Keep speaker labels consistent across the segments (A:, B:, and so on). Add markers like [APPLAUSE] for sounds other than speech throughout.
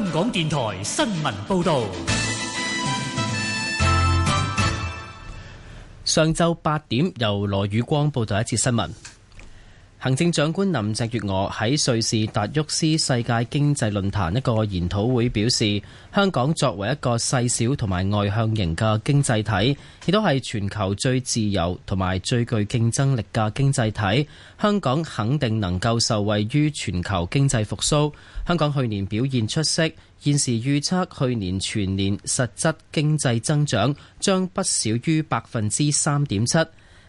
A: 香港電台新聞報道。上晝八點由羅宇光報道一節新聞。行政長官林鄭月娥喺瑞士達沃斯世界經濟論壇一個研討會表示，香港作為一個細小同埋外向型嘅經濟體，亦都係全球最自由同埋最具競爭力嘅經濟體。香港肯定能夠受惠於全球經濟復甦。香港去年表現出色，現時預測去年全年實質經濟增長將不少於百分之三點七。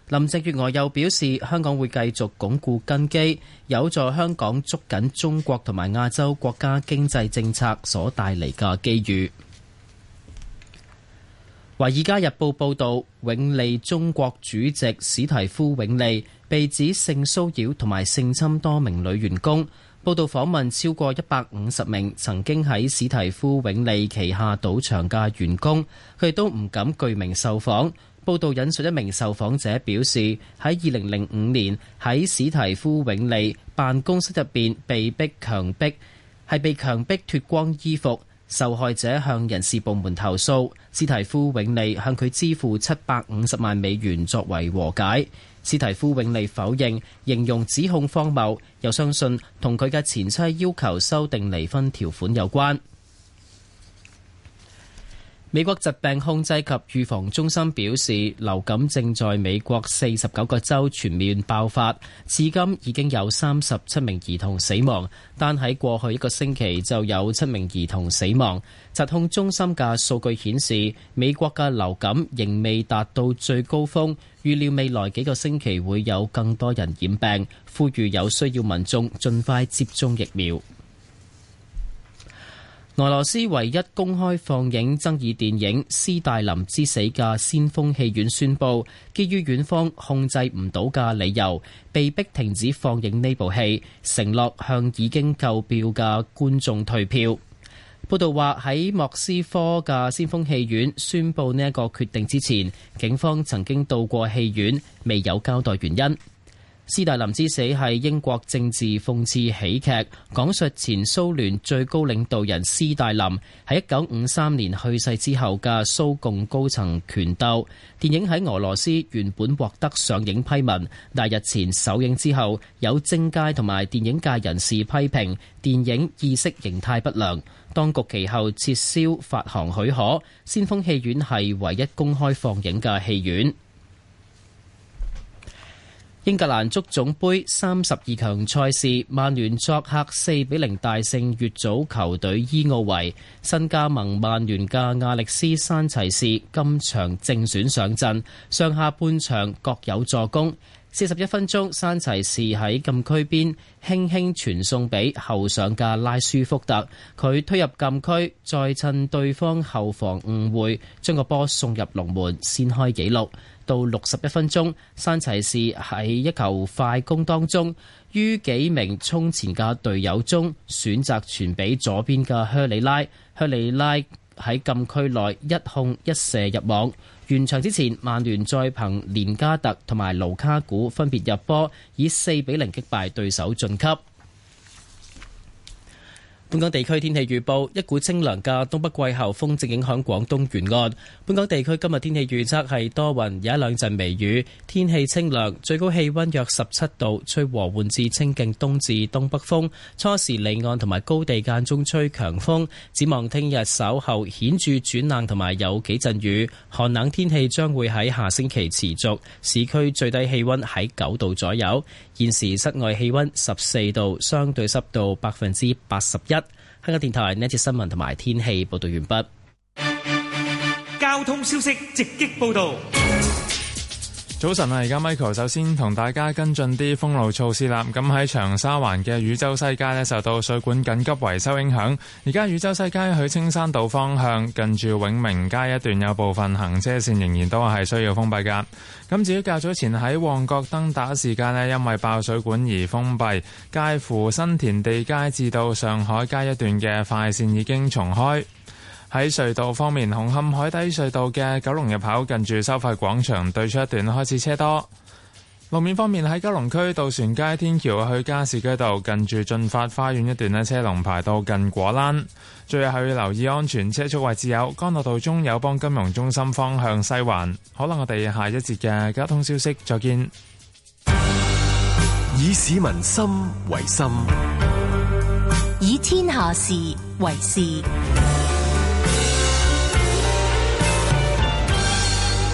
A: 林鄭月娥又表示，香港會繼續鞏固根基，有助香港捉緊中國同埋亞洲國家經濟政策所帶嚟嘅機遇。《華爾街日報》報道，永利中國主席史提夫永利被指性騷擾同埋性侵多名女員工。報道訪問超過一百五十名曾經喺史提夫永利旗下賭場嘅員工，佢哋都唔敢具名受訪。報道引述一名受訪者表示，喺二零零五年喺史提夫永利辦公室入邊被逼強迫，係被強迫脫光衣服。受害者向人事部門投訴，史提夫永利向佢支付七百五十萬美元作為和解。史提夫永利否認，形容指控荒謬，又相信同佢嘅前妻要求修訂離婚條款有關。美國疾病控制及預防中心表示，流感正在美國四十九個州全面爆發，至今已經有三十七名兒童死亡，但喺過去一個星期就有七名兒童死亡。疾控中心嘅數據顯示，美國嘅流感仍未達到最高峰，預料未來幾個星期會有更多人染病，呼籲有需要民眾盡快接種疫苗。俄羅斯唯一公開放映爭議電影《斯大林之死》嘅先鋒戲院宣布，基於院方控制唔到嘅理由，被迫停止放映呢部戲，承諾向已經購票嘅觀眾退票。報道話喺莫斯科嘅先鋒戲院宣布呢一個決定之前，警方曾經到過戲院，未有交代原因。斯大林之死係英國政治諷刺喜劇，講述前蘇聯最高領導人斯大林喺一九五三年去世之後嘅蘇共高層權鬥。電影喺俄羅斯原本獲得上映批文，但日前首映之後，有政界同埋電影界人士批評電影意識形態不良，當局其後撤銷發行許可。先鋒戲院係唯一公開放映嘅戲院。英格蘭足總杯三十二強賽事，曼聯作客四比零大勝越組球隊伊奧維。新加盟曼聯嘅亞歷斯山齊士今場正選上陣，上下半場各有助攻。四十一分鐘，山齊士喺禁區邊輕輕傳送俾後上嘅拉舒福特，佢推入禁區，再趁對方後防誤會，將個波送入龍門，先開紀錄。到六十一分鐘，山齊士喺一球快攻當中，於幾名衝前嘅隊友中選擇傳俾左邊嘅靴里拉，靴里拉喺禁區內一控一射入網。完場之前，曼聯再憑連加特同埋盧卡古分別入波，以四比零擊敗對手晉級。本港地區天氣預報，一股清涼嘅東北季候風正影響廣東沿岸。本港地區今日天氣預測係多雲有一兩陣微雨，天氣清涼，最高氣溫約十七度，吹和緩至清勁東至東北風，初時離岸同埋高地間中吹強風，展望聽日稍後顯著轉冷同埋有幾陣雨，寒冷天氣將會喺下星期持續，市區最低氣溫喺九度左右。現時室外氣溫十四度，相對濕度百分之八十一。香港電台呢節新聞同埋天氣報道完畢。
B: 交通消息直擊報道。
A: 早晨啊！而家 Michael
C: 首先同大家跟進啲封路措施啦。咁喺長沙灣嘅宇宙西街咧，受到水管緊急維修影響，而家宇宙西街去青山道方向近住永明街一段有部分行車線仍然都係需要封閉噶。咁至於較早前喺旺角登打士街咧，因為爆水管而封閉，介乎新田地街至到上海街一段嘅快線已經重開。喺隧道方面，紅磡海底隧道嘅九龍入口近住收費廣場對出一段開始車多。路面方面，喺九龍區渡船街天橋去加士居道近住駿發花園一段呢，車龍排到近果欄。最後要留意安全車速位置，有干諾道中友邦金融中心方向西環。可能我哋下一節嘅交通消息再見。以市民心為心，
D: 以天下事為事。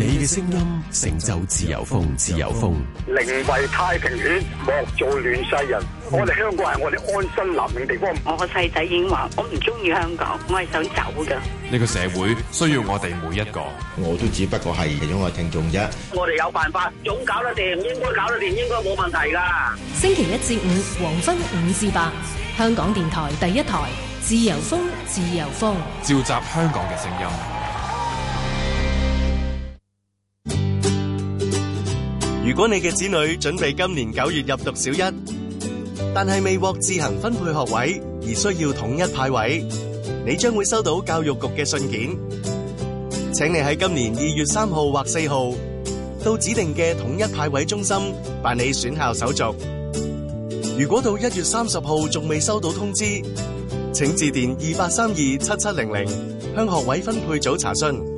B: 你嘅聲音成就自由風，自由風。寧為太平犬，莫做亂世人。嗯、我哋香港係我哋安身立命嘅地方。我個細仔已經話，我唔中意香港，我係想走噶。
C: 呢個社會需要我哋每一個，
E: 我都只不過係其中嘅聽眾啫。
B: 我哋有辦法，總搞得掂，應該搞得掂，應該冇問
D: 題噶。星期一至五，黃昏五至八，香港電台第一台，自由風，自由風，
C: 召集香港嘅聲音。
E: 如果你嘅子女準備今年九月入讀小一，但係未獲自行分配學位而需要統一派位，你將會收到教育局嘅信件，請你喺今年二月三號或四號到指定嘅統一派位中心辦理選校手續。如果到一月三十號仲未收到通知，請致電二八三二七七零零向學位分配組查詢。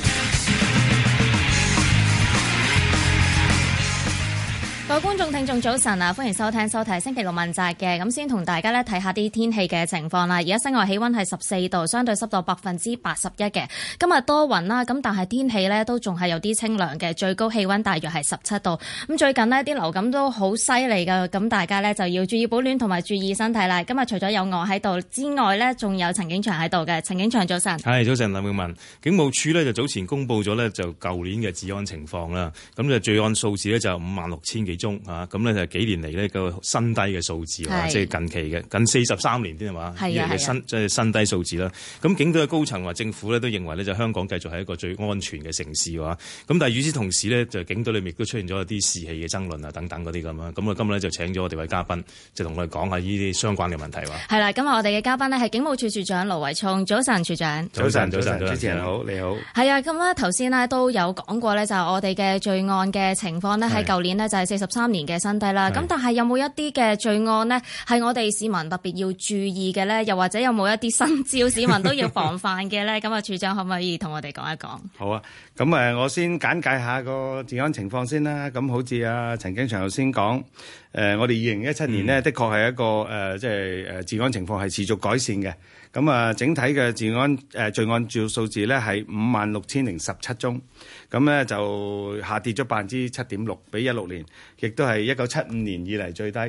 D: 各位觀眾、聽眾，早晨啊！歡迎收聽收睇星期六問責嘅。咁，先同大家咧睇下啲天氣嘅情況啦。而家室外氣温係十四度，相對濕度百分之八十一嘅。今日多雲啦，咁但係天氣呢都仲係有啲清涼嘅，最高氣温大約係十七度。咁最近呢啲流感都好犀利㗎，咁大家呢就要注意保暖同埋注意身體啦。今日除咗有我喺度之外呢，仲有陳景祥喺度嘅。陳景祥早晨，
E: 係早晨，林妙文。警務處呢就早前公布咗呢就舊年嘅治安情況啦，咁就罪案數字呢就五萬六千幾。中嚇咁呢就係幾年嚟呢個新低嘅數字，即係近期嘅近四十三年先係嘛，啲新即係新低數字啦。咁警隊嘅高層話政府呢都認為呢就香港繼續係一個最安全嘅城市喎。咁、嗯、但係與此同時呢、嗯，就警隊裏面都出現咗一啲士氣嘅爭論啊等等嗰啲咁啊。咁啊今日呢就請咗我哋位嘉賓就同我哋講下呢啲相關嘅問題喎。
D: 係啦，今日我哋嘅嘉賓呢係警務處處長盧偉聰，早晨處長。早晨，早晨，早晨，主持人好，你好。係啊，咁啊頭先呢都有講過呢，就我哋嘅罪案嘅情況呢，喺舊年呢就係四十。三年嘅新低啦，咁是但係有冇一啲嘅罪案呢？係我哋市民特別要注意嘅呢，又或者有冇一啲新招，市民都要防範嘅呢？咁啊，處長可唔可以同我哋講一講？ [LAUGHS]
F: 好啊，咁誒，我先簡介下個治安情況先啦。咁好似阿陳景祥頭先講，誒、呃，我哋二零一七年呢，的確係一個誒，即係誒，呃即係、治安情況係持續改善嘅。咁啊，整體嘅治安誒、呃、罪案照數字咧係五萬六千零十七宗，咁咧就下跌咗百分之七點六，比一六年，亦都係一九七五年以嚟最低。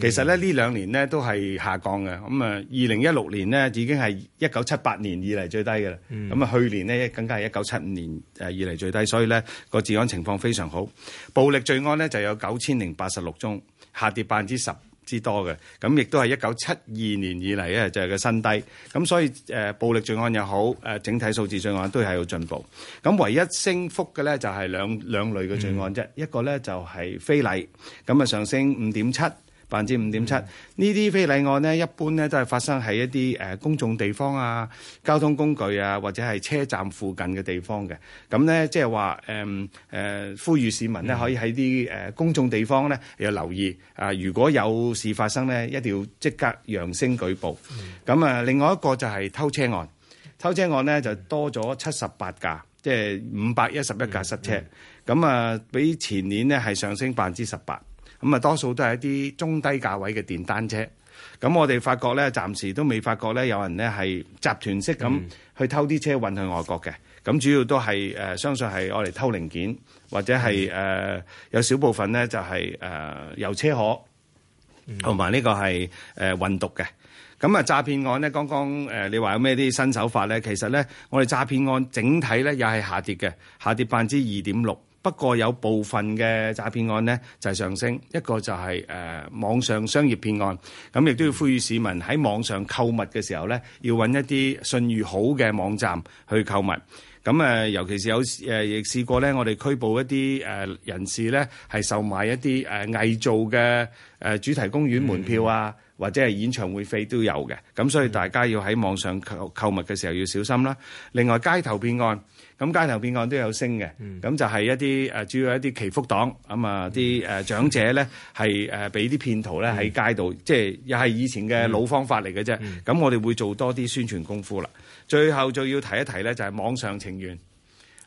F: 其實咧呢、嗯、兩年咧都係下降嘅，咁啊二零一六年咧已經係一九七八年以嚟最低嘅啦。咁啊、嗯、去年咧更加係一九七五年誒以嚟最低，所以咧個治安情況非常好。暴力罪案咧就有九千零八十六宗，下跌百分之十。之多嘅，咁亦都係一九七二年以嚟咧就係個新低，咁所以誒暴力罪案又好，誒整體數字罪案都係有進步，咁唯一升幅嘅咧就係兩兩類嘅罪案啫，嗯、一個咧就係非禮，咁啊上升五點七。百分之五點七，呢啲非禮案咧，一般咧都係發生喺一啲誒、呃、公眾地方啊、交通工具啊，或者係車站附近嘅地方嘅。咁咧即係話誒誒，呼籲市民咧可以喺啲誒公眾地方咧要留意啊、呃，如果有事發生咧，一定要即刻揚聲舉報。咁啊、嗯嗯，另外一個就係偷車案，偷車案咧就多咗七十八架，即係五百一十一架失車，咁啊、嗯嗯嗯、比前年咧係上升百分之十八。咁啊，多數都係一啲中低價位嘅電單車，咁我哋發覺咧，暫時都未發覺咧，有人咧係集團式咁去偷啲車運去外國嘅。咁、嗯、主要都係誒、呃、相信係我哋偷零件，或者係誒、呃、有少部分咧就係誒油車可同埋呢個係誒運毒嘅。咁啊，詐騙案咧，剛剛誒、呃、你話有咩啲新手法咧？其實咧，我哋詐騙案整體咧又係下跌嘅，下跌百分之二點六。不過有部分嘅詐騙案咧就係上升，一個就係誒網上商業騙案，咁亦都要呼籲市民喺網上購物嘅時候咧，要揾一啲信譽好嘅網站去購物。咁誒，尤其是有誒，亦試過咧，我哋拘捕一啲誒人士咧，係售賣一啲誒偽造嘅誒主題公園門票啊，或者係演唱會飛都有嘅。咁所以大家要喺網上購購物嘅時候要小心啦。另外，街頭騙案。咁街頭騙案都有升嘅，咁、嗯、就係一啲誒主要一啲祈福黨咁、嗯、啊啲誒長者咧，係誒俾啲騙徒咧喺街度，嗯、即係又係以前嘅老方法嚟嘅啫。咁、嗯、我哋會做多啲宣傳功夫啦。最後仲要提一提咧，就係網上情緣，嗯、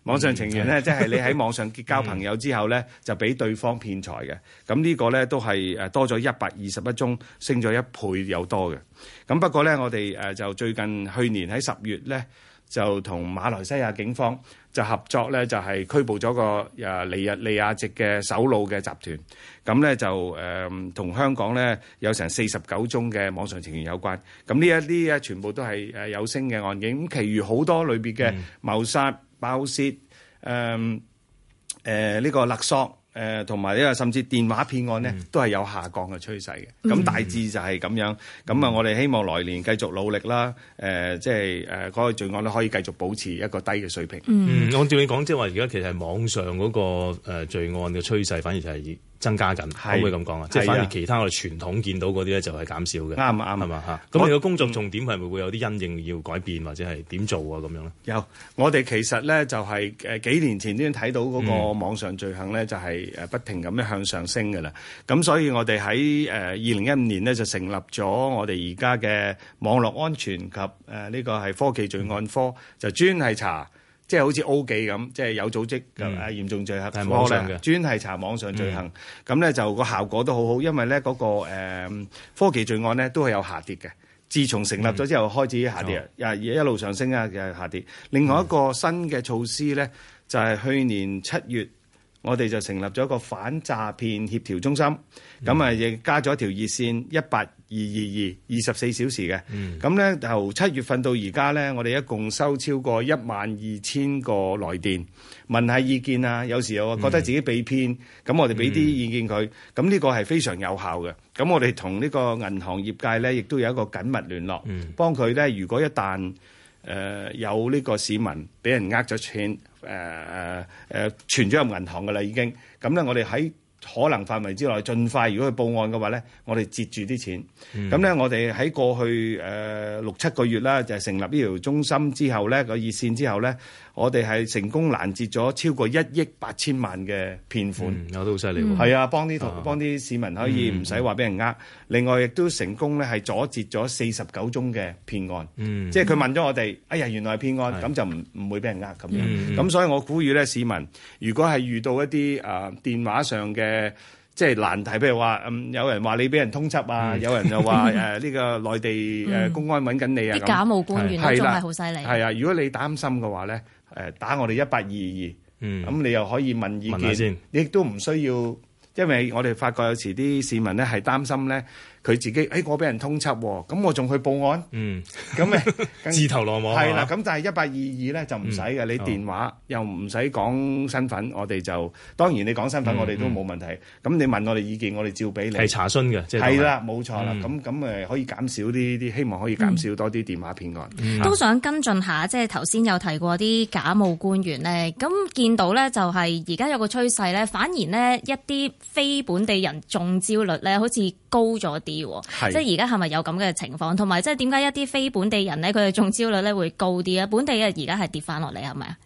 F: 網上情緣咧，即係你喺網上結交朋友之後咧，就俾對方騙財嘅。咁呢、嗯、個咧都係誒多咗一百二十一宗，升咗一倍有多嘅。咁不過咧，我哋誒就最近去年喺十月咧。就同馬來西亞警方就合作咧，就係拘捕咗個誒尼日利亞籍嘅首腦嘅集團。咁咧就誒同香港咧有成四十九宗嘅網上情緣有關。咁呢一啲啊，全部都係誒有聲嘅案件。咁，其餘好多類別嘅謀殺、爆竊、誒誒呢個勒索。誒同埋呢個甚至電話騙案呢，都係有下降嘅趨勢嘅，咁、嗯、大致就係咁樣。咁啊、嗯，我哋希望來
E: 年繼續努力啦。誒、呃，即係誒嗰個罪案都可以繼續保持一個低嘅水平。嗯，按、嗯、照你講，即係話而家其實係網上嗰、那個、呃、罪案嘅趨勢，反而就係、是。增加緊，是可唔可以咁講啊？即係的反而其他我哋傳統見到嗰啲咧，就係減少嘅。啱啊啱，係嘛嚇？咁我你個工作重點係咪會有啲因應要改變或者係點做啊？咁樣咧？有，我哋其實咧
F: 就係誒幾年前先睇到嗰個網上罪行咧，就係誒不停咁樣向上升嘅啦。咁、嗯、所以我哋喺誒二零一五年呢，就成立咗我哋而家嘅網絡安全及誒呢個係科技罪案科，就專係查。即係好似 O 記咁，即係有組織誒、嗯、嚴重罪行，網上嘅專係查網上罪行咁咧，嗯、就個效果都好好，因為咧、那、嗰個、呃、科技罪案咧都係有下跌嘅。自從成立咗之後開始下跌啊，又、嗯、一路上升啊嘅下跌。嗯、另外一個新嘅措施咧，就係、是、去年七月我哋就成立咗一個反詐騙協調中心，咁啊亦加咗一條熱線一八。二二二二十四小時嘅，咁咧由七月份到而家咧，我哋一共收超過一萬二千個來電問下意見啊。有時候覺得自己被騙，咁我哋俾啲意見佢。咁呢個係非常有效嘅。咁我哋同呢個銀行業界咧，亦都有一個緊密聯絡，幫佢咧。如果一旦誒有呢個市民俾人呃咗錢，誒誒存咗入銀行㗎喇已經，咁咧我哋喺可能範圍之內盡快如果去報案嘅話咧，我哋截住啲錢，咁咧，我哋喺過去誒六七個月啦，就係成立呢條中心之後咧，個熱線之後咧，我哋係成功攔截咗超過一億八千萬嘅騙款。我都好犀利喎！係啊，幫啲同幫啲市民可以唔使話俾人呃。另外亦都成功咧係阻截咗四十九宗嘅騙案。即係佢問咗我哋，哎呀，原來係騙案，咁就唔唔會俾人呃咁樣，咁所以我呼籲咧市民，如果係遇到一啲誒電話上嘅，誒，即係難題，譬如話，嗯，有人話你俾人通緝啊，有人又話誒，呢個內地誒公安揾緊你啊，啲假冒官員啊，仲係好犀利。係啊，如果你擔心嘅話咧，誒，打我哋一八二二，嗯，咁你又可以問意見先，你亦都唔需要，因為我哋發覺有時啲市民咧係擔心咧。佢自己誒，我俾人通緝喎，咁我仲去報案？嗯，
A: 咁誒自投羅網係啦。咁
F: 但係一八二二咧就唔使嘅，你電話又唔使講身份，我哋就當然你講身份我哋都冇問題。咁你問我哋意見，我哋照俾你係查詢
E: 嘅，即係係啦，冇錯啦。咁
F: 咁誒可以減少啲啲，希望可以減少多啲電話騙案。都
D: 想跟進下，即係頭先有提過啲假冒官員咧，咁見到咧就係而家有個趨勢咧，反而咧一啲非本地人中招率咧好似高咗啲。係是，即係而家係咪有咁嘅情況？同埋即係點解一啲非本地人咧，佢哋中招率咧會高啲咧？本地人而家係跌翻落嚟，係咪啊？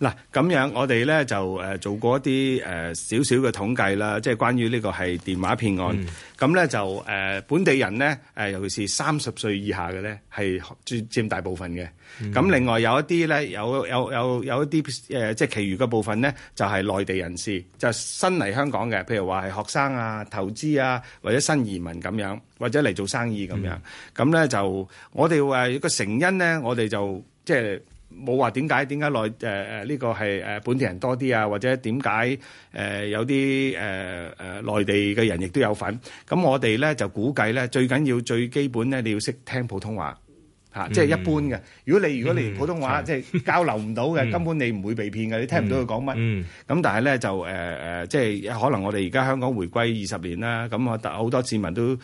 F: 嗱，咁樣我哋咧就誒做過一啲誒少少嘅統計啦，即係關於呢個係電話騙案。咁咧、嗯、就誒、呃、本地人咧誒，尤其是三十歲以下嘅咧係占占大部分嘅。咁、嗯、另外有一啲咧，有有有有一啲誒、呃，即係其餘嘅部分咧，就係、是、內地人士，就是、新嚟香港嘅，譬如話係學生啊、投資啊，或者新移民咁樣，或者嚟做生意咁樣，咁咧、嗯、就我哋誒個成因咧，我哋就即係冇話點解點解內誒誒呢個係誒本地人多啲啊，或者點解誒有啲誒誒內地嘅人亦都有份。咁我哋咧就估計咧，最緊要最基本咧，你要識聽普通話。吓，即係一般嘅。如果你如果你普通話即係交流唔到嘅，根本你唔會被騙嘅，你聽唔到佢講乜。咁但係咧就誒誒，即係可能我哋而家香港回歸二十年啦，咁我好多市民都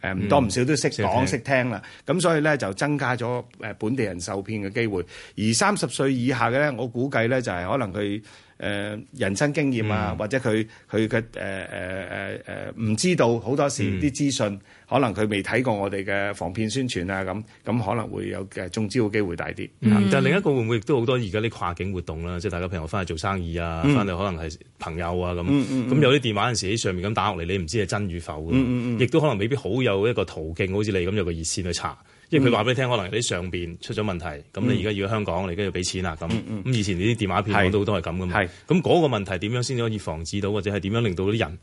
F: 誒唔多唔少都識講識聽啦。咁所以咧就增加咗誒本地人受騙嘅機會。而三十歲以下嘅咧，我估計咧就係可能佢誒人生經驗啊，或者佢佢佢誒誒誒誒唔知道好多時啲資訊。可能佢未睇過我哋嘅防騙宣傳啊，咁
E: 咁可能會有嘅中招嘅機會大啲。但係另一個會唔會亦都好多而家啲跨境活動啦，即係大家譬如我翻去做生意啊，翻到可能係朋友啊咁，咁有啲電話有時喺上面咁打落嚟，你唔知係真與否。亦都可能未必好有一個途徑，好似你咁有個熱線去查，因為佢話俾你聽，可能喺上邊出咗問題，咁你而家要香港，你而家要俾錢啦。咁咁以前呢啲電話騙案都好多係咁㗎嘛。咁嗰個問題點樣先可以防止到，或者係點樣令到啲人？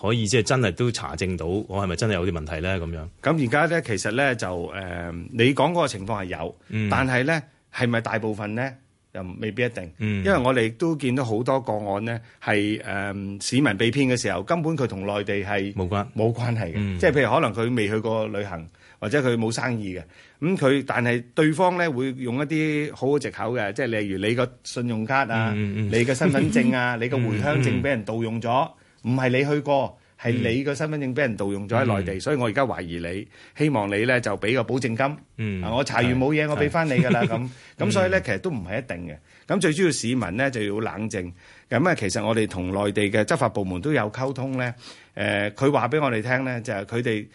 E: 可以即係真係都查證到我係咪真係有啲問題咧咁樣。咁而家咧其實咧就誒，
F: 你講嗰個情況係有，嗯、但係咧係咪大部分咧又未必一定。嗯、因為我哋都見到好多個案咧係誒市民被騙嘅時候，根本佢同內地係冇關冇關係嘅。即係譬如可能佢未去過旅行，或者佢冇生意嘅。咁佢但係對方咧會用一啲好好藉口嘅，即係例如你個信用卡啊、嗯嗯、你嘅身份證啊、 [LAUGHS] 你嘅回鄉證俾人盜用咗。唔係你去過，係你個身份證俾人盜用咗喺內地，嗯、所以我而家懷疑你。希望你咧就俾個保證金，
E: 嗯、啊，我查完冇嘢，嗯、我俾翻你噶啦咁。咁所以
F: 咧，其實都唔係一定嘅。咁最主要市民咧就要冷靜。咁啊，其實我哋同內地嘅執法部門都有溝通咧。誒、呃，佢話俾我哋聽咧就係佢哋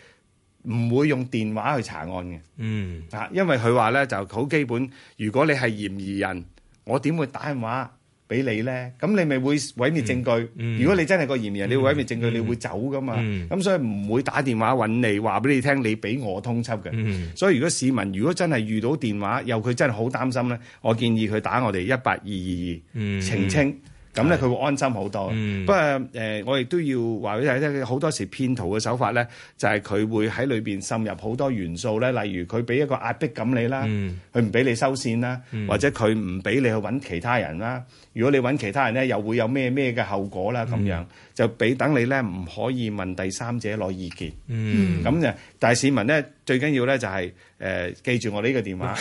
F: 唔會用電話去查案嘅。嗯啊，因為佢話咧就好基本，如果你係嫌疑人，我點會打電話？俾你咧，咁你咪會毀滅證據。嗯嗯、如果你真係個嫌疑人，你會毀滅證據，嗯、你會走噶嘛。咁、嗯、所以唔會打電話揾你，話俾你聽，你俾我通緝嘅。嗯、所以如果市民如果真係遇到電話，又佢真係好擔心咧，我建議佢打我哋一八二二二澄清。咁咧佢會安心好多，嗯、不過誒、呃，我亦都要話俾你聽，好多時騙徒嘅手法咧，就係、是、佢會喺裏邊滲入好多元素咧，例如佢俾一個壓迫感你啦，佢唔俾你收線啦，嗯、或者佢唔俾你去揾其他人啦。如果你揾其他人咧，又會有咩咩嘅後果啦咁樣。嗯就俾等你咧，唔可以問第三者攞意見。嗯，咁就但係市民咧，最緊要咧就係誒記住我呢個電話，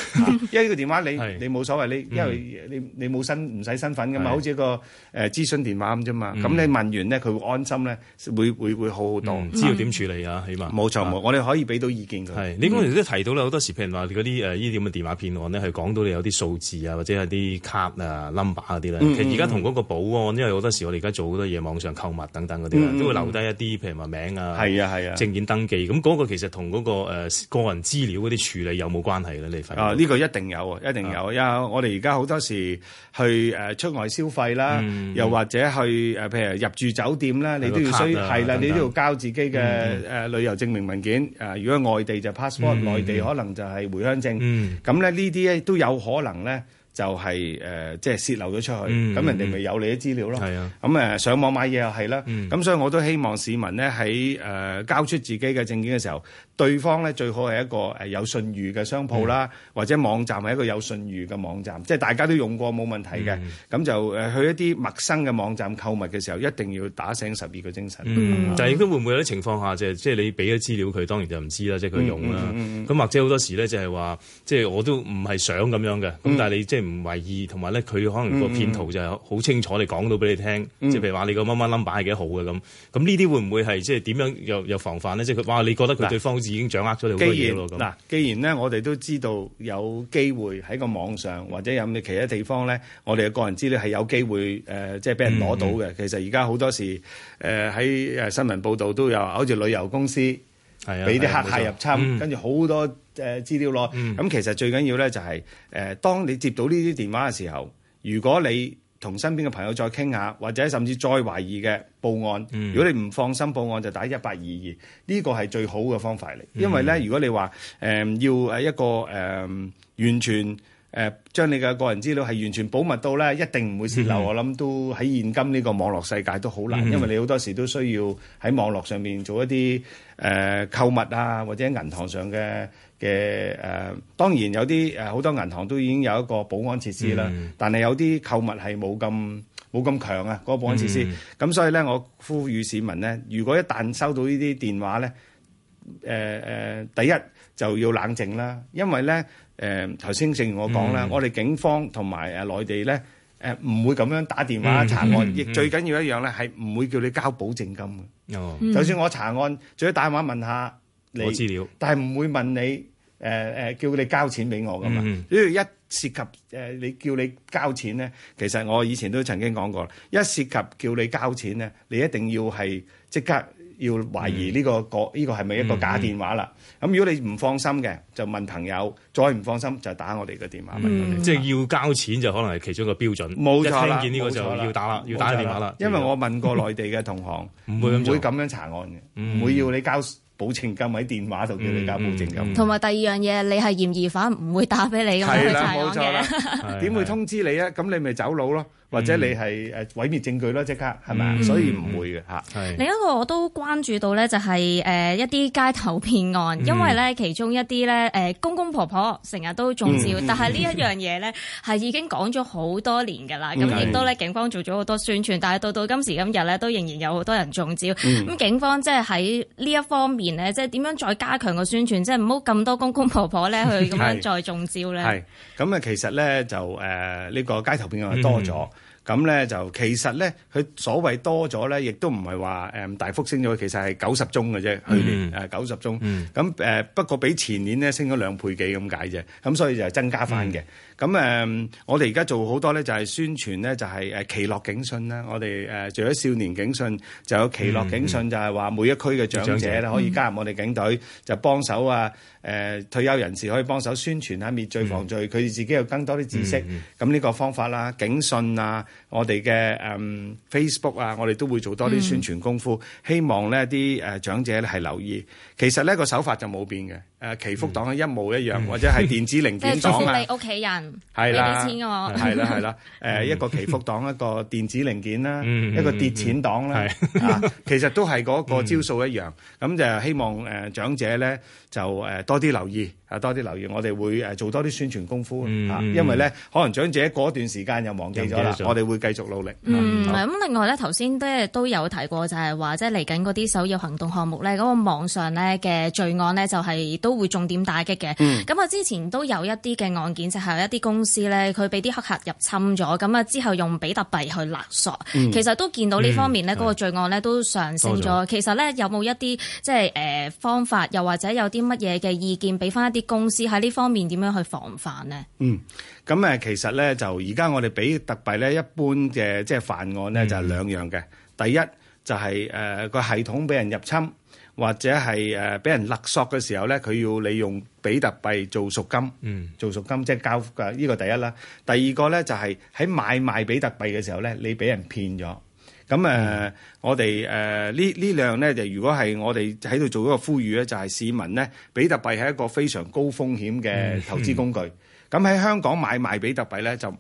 F: 因為呢個電話你你冇所謂，你因為你你冇身唔使身份㗎嘛，好似一個誒諮詢電話咁啫嘛。咁你問完咧，佢會安心咧，會會會好
E: 好多，唔知道點處理啊，起碼冇錯冇，我哋可以
F: 俾到意見佢。
E: 係，你剛才都提到啦，好多時譬如話嗰啲誒呢啲咁嘅電話騙案咧，係講到你有啲數字啊，或者有啲卡啊 number 嗰啲咧。其實而家同嗰個保安，因為好多時我哋而家做好多嘢網上購物。等等嗰啲啊，都會留低一啲，譬如話名啊，係啊係啊，證件登記，咁嗰個其實同嗰個誒個人資料嗰啲處理有冇關係咧？你份啊，呢個一定有啊，一定有，因為我哋而家好多時去誒出
F: 外消費啦，又或者去誒譬如入住酒店啦，你都要需係啦，你都要交自己嘅誒旅遊證明文件啊。如果外地就 passport，內地可能就係回鄉證。咁咧呢啲咧都有可能咧。就係、是、誒、呃，即係洩漏咗出去，咁、嗯、人哋咪有你啲資料咯。係啊，咁誒上網買嘢又係啦，咁、嗯、所以我都希望市民咧喺誒交出自己嘅證件嘅時候。對方咧最好係一個誒有信譽嘅商鋪啦，或者網站係一個有信譽嘅網站，即係大家都用過冇問題嘅。咁就誒去一啲陌生嘅網站購物嘅時候，一定要打醒十二個精神。嗯，就係亦都
E: 會唔會有啲情況下，即係即係你俾咗資料佢，當然就唔知啦，即係佢用啦。咁或者好多時咧，就係話即係我都唔係想咁樣嘅。咁但係你即係唔為意，同埋咧佢可能個騙徒就係好清楚你講到俾你聽，即係譬如話你個乜乜 number 係幾好嘅咁。咁呢啲會唔會係即係點樣又又防範咧？即係佢哇，你覺得佢對方？已經掌握咗你好多嘢咯。咁嗱、啊，既然咧，我哋都
F: 知道有機會喺個網上，或者有咩其他地方咧，我哋嘅個人資料係有機會誒，即係俾人攞到嘅。嗯、其實而家好多時誒喺、呃、新聞報道都有，好、呃、似旅遊公司係啊，俾啲黑客入侵，嗯嗯、跟住好多誒、呃、資料咯。咁、嗯嗯、其實最緊要咧就係、是、誒、呃，當你接到呢啲電話嘅時候，如果你同身邊嘅朋友再傾下，或者甚至再懷疑嘅報案。如果你唔放心報案，就打一八二二，呢個係最好嘅方法嚟。因為咧，嗯、如果你話誒、呃、要誒一個誒、呃、完全誒、呃、將你嘅個人資料係完全保密到咧，一定唔會洩漏。嗯、我諗都喺現今呢個網絡世界都好難，嗯、因為你好多時都需要喺網絡上面做一啲誒、呃、購物啊，或者銀行上嘅。嘅誒，當然有啲誒，好多銀行都已經有一個保安設施啦。但係有啲購物係冇咁冇咁強啊，嗰個保安設施。咁所以咧，我呼籲市民咧，如果一旦收到呢啲電話咧，誒誒，第一就要冷靜啦。因為咧，誒頭先正如我講啦，我哋警方同埋誒內地咧，誒唔會咁樣打電話查案。亦最緊要一樣咧，係唔會叫你交保證金嘅。哦，就算我查案，最多打電話問下你，攞資料，但係唔會問你。誒誒叫你交錢俾我㗎嘛？因為一涉及誒你叫你交錢咧，其實我以前都曾經講過啦。一涉及叫你交錢咧，你一定要係即刻要懷疑呢個個呢個係咪一個假電話啦。咁如果你唔放心嘅，就問朋友；再唔放心就打我哋嘅電話。嗯，即係
E: 要交錢就可能係其中一個標準。冇錯啦，一聽見呢個就要打啦，要打電話啦，冇錯啦。
F: 因為我問過內地嘅同行，唔會咁樣查案嘅，唔會要你交。保證金，喺電話度叫你交保證金，同
D: 埋、嗯嗯、第二樣嘢，你係嫌疑犯唔會打俾你咁冇
F: 的去查嘅，點錯 [LAUGHS] 會通知你啊？咁你咪走佬咯。或者你係誒毀滅證據咯，即刻係咪？所以唔會嘅嚇。嗯、另一
D: 個我都關注到咧、就是，就係誒一啲街頭騙案，嗯、因為咧其中一啲咧誒公公婆婆成日都中招，嗯嗯、但係呢一樣嘢咧係已經講咗好多年㗎啦。咁亦、嗯、都咧警方做咗好多宣傳，但係到到今時今日咧都仍然有好多人中招。咁、嗯、警方即係喺呢一方面咧，即係點樣再加強個宣傳，即係唔好咁多公，公公婆婆咧去咁樣再中招咧。係
F: 咁啊，其實咧就誒呢、呃呢個街頭騙案多咗。咁咧就其實咧，佢所謂多咗咧，亦都唔係話誒大幅升咗，其實係九十宗嘅啫。去年誒九十宗，咁誒、mm hmm. 不過比前年咧升咗兩倍幾咁解啫。咁所以就增加翻嘅。咁誒、mm hmm. 嗯，我哋而家做好多咧，就係宣傳咧，就係誒耆樂警訊啦。我哋誒除咗少年警訊，就有耆樂警訊，就係話每一區嘅長者咧可以加入我哋警隊，就幫手啊誒退休人士可以幫手宣傳下滅罪防罪，佢、mm hmm. 自己又更多啲知識。咁呢、mm hmm. 個方法啦，警訊啊。我哋嘅誒 Facebook 啊，我哋都會做多啲宣傳功夫，嗯、希望咧啲誒長者咧係留意。其實咧個手法就冇變嘅。祈福黨一模一樣，或者係電子零件黨啊！你
D: 屋企人，跌
F: 錢㗎喎！係啦係啦，誒一個祈福黨，一個電子零件啦，一個跌錢黨啦，其實都係嗰個招數一樣。咁就希望誒長者咧，就誒多啲留意，啊多啲留意，我哋會誒做多啲宣傳功夫，因為咧可能長者嗰段時間又忘記咗啦，我哋會繼續努力。
D: 咁另外咧頭先都都有提過，就係話即係嚟緊嗰啲首要行動項目咧，嗰個網上咧嘅罪案咧就係都，都會重點打擊嘅，咁啊、嗯、之前都有一啲嘅案件，就係、是、一啲公司咧，佢俾啲黑客入侵咗，咁啊之後用比特幣去勒索，嗯、其實都見到呢方面呢嗰、嗯、個罪案咧都上升咗。了其實咧有冇一啲即係誒方法，又或者有啲乜嘢嘅意見，俾翻一啲公司喺呢方面點樣去防範呢？嗯，
F: 咁誒，其實咧就而家我哋比特幣咧，一般嘅即係犯案咧就係兩樣嘅，嗯、第一就係誒個系統俾人入侵。或者係誒俾人勒索嘅時候咧，佢要你用比特幣做贖金，做贖金即係交嘅。呢個第一啦。第二個咧就係喺買賣比特幣嘅時候咧，你俾人騙咗。咁誒，我哋誒呢呢兩樣咧就如果係我哋喺度做一個呼籲咧，就係市民咧，比特幣係一個非常高風險嘅投資工具。咁喺香港買賣比特幣咧就，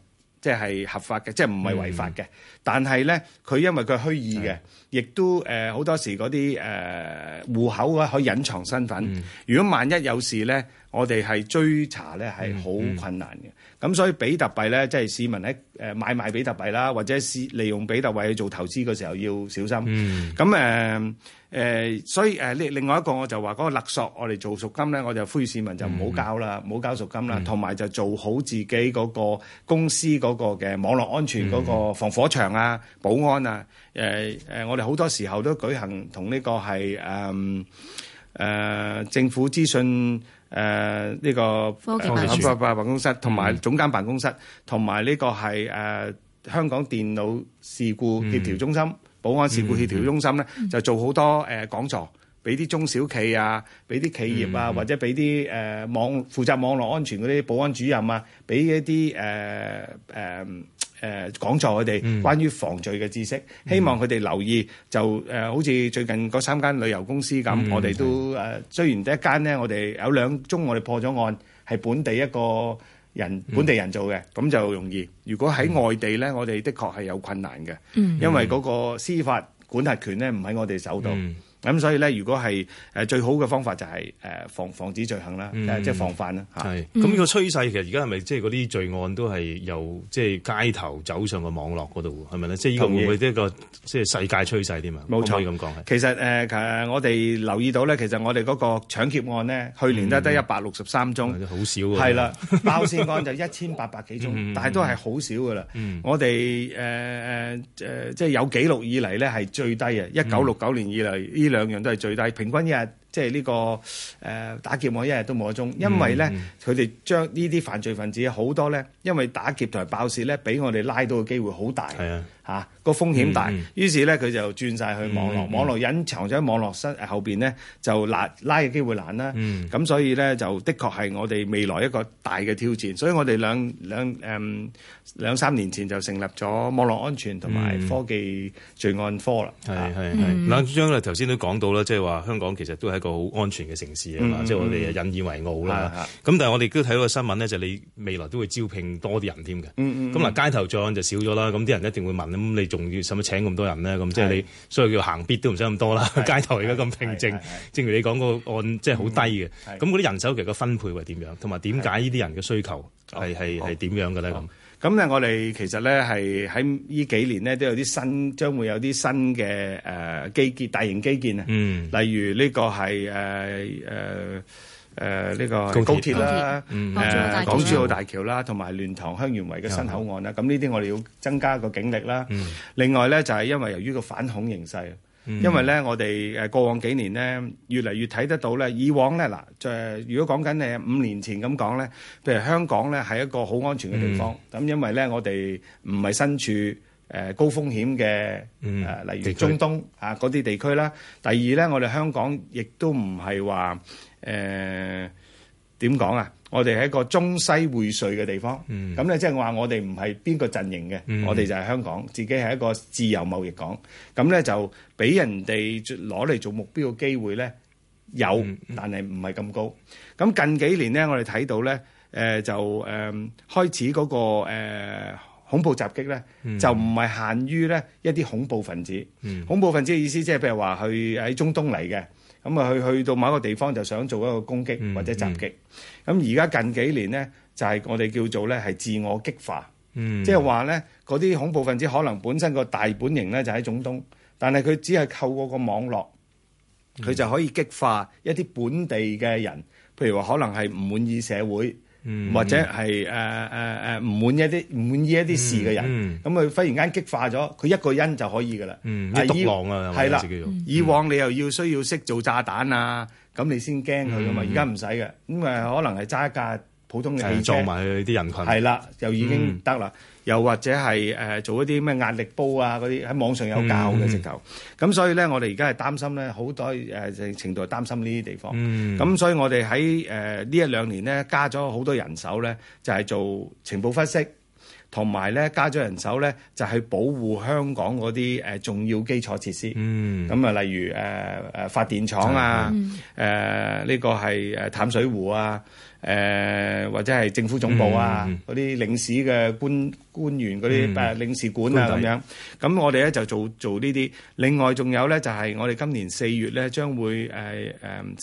F: 即係合法嘅，即係唔係違法嘅。嗯、但係咧，佢因為佢虛擬嘅，亦是的 都誒好、呃、多時嗰啲誒戶口啊，可以隱藏身份。嗯、如果萬一有事咧，我哋係追查咧係好困難嘅。咁、嗯嗯、所以比特幣咧，即係市民咧誒買賣比特幣啦，或者是利用比特幣去做投資嘅時候要小心。咁誒、嗯。誒，所以誒，另另外一個我就話嗰個勒索，我哋做贖金咧，我就呼籲市民就唔好交啦，唔好交贖金啦，同埋就做好自己嗰個公司嗰個嘅網絡安全嗰個防火牆啊、保安啊。誒誒，我哋好多時候都舉行同呢個係誒誒政府資訊誒呢個立法辦公室、同埋總監辦公室、同埋呢個係誒香港電腦事故協調中心。保安事故協調中心咧就做好多誒講座，俾啲中小企啊，俾啲企業啊，或者俾啲誒網負責網絡安全嗰啲保安主任啊，俾一啲誒誒誒講座佢哋關於防罪嘅知識，希望佢哋留意就誒，好似最近嗰三間旅遊公司咁，我哋都誒，雖然第一間咧，我哋有兩宗我哋破咗案，係本地一個。人本地人做嘅，咁、嗯、就容易。如果喺外地咧，嗯、我哋的確係有困難嘅，嗯、因為嗰個司法管轄權咧唔喺我哋手度。嗯咁所以咧，
E: 如果係誒最好嘅方法就係誒防防止罪行啦，即係防範啦嚇。呢個趨勢其實而家係咪即係嗰啲罪案都係由即係街頭走上個網絡嗰度，係咪咧？即係呢個會唔會都係一個即係世界趨勢添啊？冇錯，可以咁講。其實誒我
F: 哋留意到咧，其實我哋嗰個搶劫案呢，去年得得一百六十三宗，好少係啦，爆竊案就一千八百幾宗，但係都係好少噶啦。我哋誒誒誒，即係有記錄以嚟呢，係最低啊！一九六九年以嚟兩樣都係最低，平均一日即係呢、這個誒、呃、打劫案一日都冇一宗。因為咧佢哋將呢啲犯罪分子好多咧，因為打劫同埋爆竊咧，俾我哋拉到嘅機會好大。係啊。嚇個風險大，於是咧佢就轉曬去網絡，網絡隱藏咗喺網絡身後邊咧就難拉嘅機會難啦。咁所以咧就的確係我哋未來一個大嘅挑戰。所以我哋兩兩誒兩三年前就成立咗網絡
E: 安全同埋科技罪案科啦。係係係。嗱，張律頭先都講到啦，即係話香港其實都係一個好安全嘅城市啊嘛，即係我哋引以為傲啦。咁但係我哋都睇到個新聞咧，就你未來都會招聘多啲人添嘅。咁嗱，街頭作案就少咗啦，咁啲人一定會問。咁你仲要使乜請咁多人咧？咁即係你是所以叫行必都唔使咁多啦。是街頭而家咁平靜，正如你講，個案，即係好低嘅。咁嗰啲人手其實個分配係點樣？同埋點解呢啲人嘅需求係係係點樣嘅咧？咁咁咧，我哋其實咧係喺呢
F: 幾年咧都有啲新，將會有啲新嘅誒基建，大型基建啊。嗯，例如呢個係誒誒。呃呃誒呢個高鐵啦，誒港珠澳大橋啦，同埋蓮塘香園圍嘅新口岸啦。咁呢啲我哋要增加個警力啦。另外咧，就係因為由於個反恐形勢，因為咧我哋誒過往幾年咧越嚟越睇得到咧。以往咧嗱，誒如果講緊誒五年前咁講咧，譬如香港咧係一個好安全嘅地方咁，因為咧我哋唔係身處誒高風險嘅誒，例如中東啊嗰啲地區啦。第二咧，我哋香港亦都唔係話。誒點講啊？我哋係一個中西匯萃嘅地方，咁咧即係話我哋唔係邊個陣營嘅，我哋就係香港，自己係一個自由貿易港。咁咧就俾人哋攞嚟做目標嘅機會咧有，但係唔係咁高。咁近幾年咧，我哋睇到咧，誒就誒開始嗰個誒恐怖襲擊咧，就唔係限於咧一啲恐怖分子，恐怖分子嘅意思即係譬如話佢喺中東嚟嘅。咁啊，去去到某一個地方就想做一個攻擊或者襲擊。咁而家近幾年呢，就係我哋叫做呢係自我激化，嗯、即係話呢嗰啲恐怖分子可能本身個大本營呢就喺總東，但係佢只係透過個網絡，佢就可以激化一啲本地嘅人，譬如話可能係唔滿意社會。或者係誒誒誒唔滿一啲唔滿意一啲事嘅人，咁佢忽然間激化咗，佢一個因就可以嘅啦。
D: 一、嗯、以獨狼啊，係啦。的嗯、
F: 以往你又要需要識做炸彈啊，咁你先驚佢嘅嘛。嗯、而家唔使嘅，咁誒可能係揸一架普通嘅汽車撞埋
E: 啲人群，係啦，
F: 就已經得啦。嗯嗯又或者係誒、呃、做一啲咩壓力煲啊嗰啲喺網上有教嘅直頭，咁、嗯、所以咧我哋而家係擔心咧好多誒程度係擔心呢啲、呃、地方，咁、嗯、所以我哋喺誒呢一兩年咧加咗好多人手咧，就係、是、做情報分析，同埋咧加咗人手咧就是、去保護香港嗰啲誒重要基礎設施，咁啊、嗯、例如誒誒、呃呃、發電廠啊，誒呢、嗯呃這個係誒淡水湖啊。誒或者係政府總部啊，嗰啲領事嘅官官員嗰啲誒領事館啊咁樣。咁我哋咧就做做呢啲。另外仲有咧就係我哋今年四月咧將會誒誒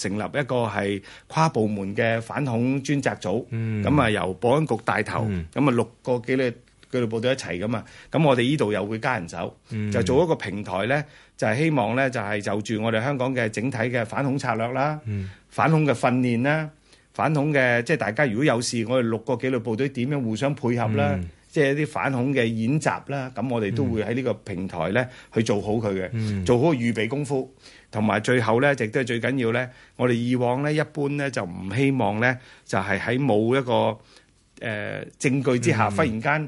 F: 成立一個係跨部門嘅反恐專責組。嗯。咁啊由保安局帶頭，咁啊六個紀律紀律部隊一齊咁啊。咁我哋呢度又會加人手，就做一個平台咧，就係希望咧就係就住我哋香港嘅整體嘅反恐策略啦，反恐嘅訓練啦。反恐嘅即係大家如果有事，我哋六個紀律部隊點樣互相配合啦？嗯、即係一啲反恐嘅演習啦，咁我哋都會喺呢個平台咧去做好佢嘅，嗯、做好預備功夫。同埋最後咧，亦都係最緊要咧，我哋以往咧一般咧就唔希望咧，就係喺冇一個誒、呃、證據之下、嗯、忽然間。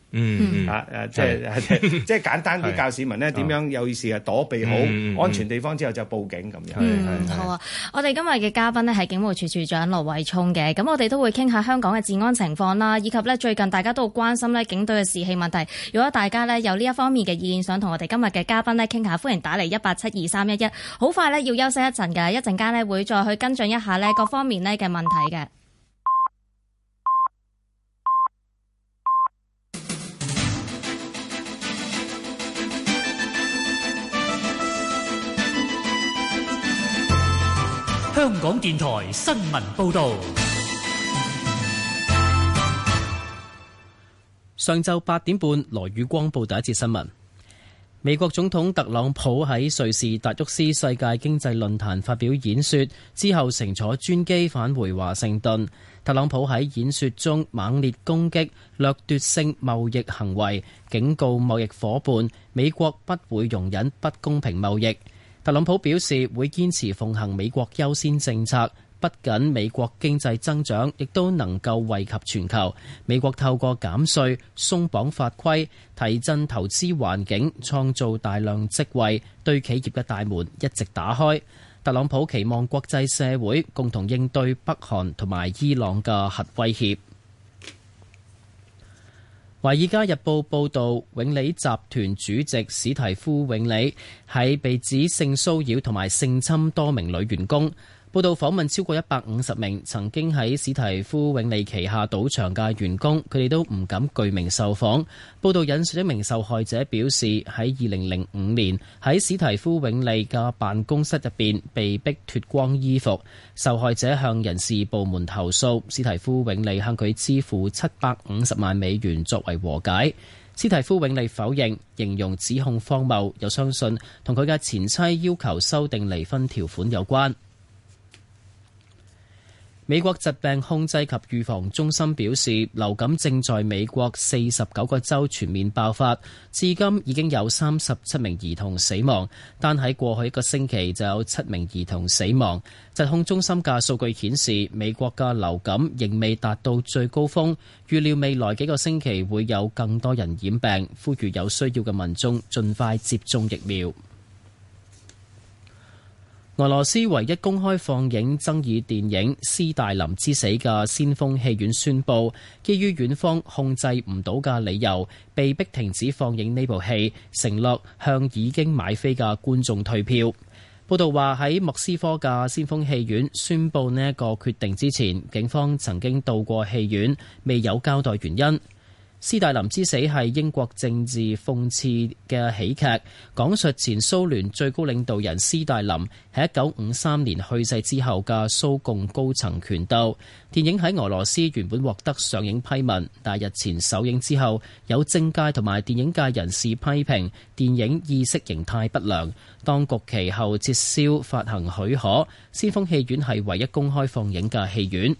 F: 嗯，嚇誒、啊啊，即係的即係簡單啲的教市民咧，點樣有事啊，躲避好安全地方，之後就報警咁、嗯、樣。好啊，
D: 我哋今日嘅嘉賓咧係警務處處長羅偉聰嘅，咁我哋都會傾下香港嘅治安情況啦，以及咧最近大家都好關心咧警隊嘅士氣問題。如果大家咧有呢一方面嘅意見，想同我哋今日嘅嘉賓咧傾下，歡迎打嚟一八七二三一一。好快咧要休息一陣㗎，一陣間咧會再去跟進一下咧各方面咧嘅問題嘅。
A: 香港電台新聞報道：上晝八點半，羅宇光報第一節新聞。美國總統特朗普喺瑞士達沃斯世界經濟論壇發表演說之後，乘坐專機返回華盛頓。特朗普喺演說中猛烈攻擊掠奪性貿易行為，警告貿易夥伴：美國不會容忍不公平貿易。特朗普表示會堅持奉行美國優先政策，不僅美國經濟增長亦都能夠惠及全球。美國透過減稅、鬆綁法規、提振投資環境，創造大量職位，對企業嘅大門一直打開。特朗普期望國際社會共同應對北韓同埋伊朗嘅核威脅。《華爾街日報》報導，永利集團主席史提夫·永利喺被指性騷擾同埋性侵多名女員工。報道訪問超過一百五十名曾經喺史提夫永利旗下賭場嘅員工，佢哋都唔敢具名受訪。報道引述一名受害者表示，喺二零零五年喺史提夫永利嘅辦公室入邊被逼脱光衣服。受害者向人事部門投訴，史提夫永利向佢支付七百五十萬美元作為和解。史提夫永利否認，形容指控荒謬，又相信同佢嘅前妻要求修訂離婚條款有關。美國疾病控制及預防中心表示，流感正在美國四十九個州全面爆發，至今已經有三十七名兒童死亡，但喺過去一個星期就有七名兒童死亡。疾控中心嘅數據顯示，美國嘅流感仍未達到最高峰，預料未來幾個星期會有更多人染病，呼籲有需要嘅民眾盡快接種疫苗。俄羅斯唯一公開放映爭議電影《斯大林之死》嘅先鋒戲院宣布，基於院方控制唔到嘅理由，被迫停止放映呢部戲，承諾向已經買飛嘅觀眾退票。報道話喺莫斯科嘅先鋒戲院宣布呢一個決定之前，警方曾經到過戲院，未有交代原因。斯大林之死係英國政治諷刺嘅喜劇，講述前蘇聯最高領導人斯大林喺一九五三年去世之後嘅蘇共高層權鬥。電影喺俄羅斯原本獲得上映批文，但日前首映之後，有政界同埋電影界人士批評電影意識形態不良，當局其後撤銷發行許可。先鋒戲院係唯一公開放映嘅戲院。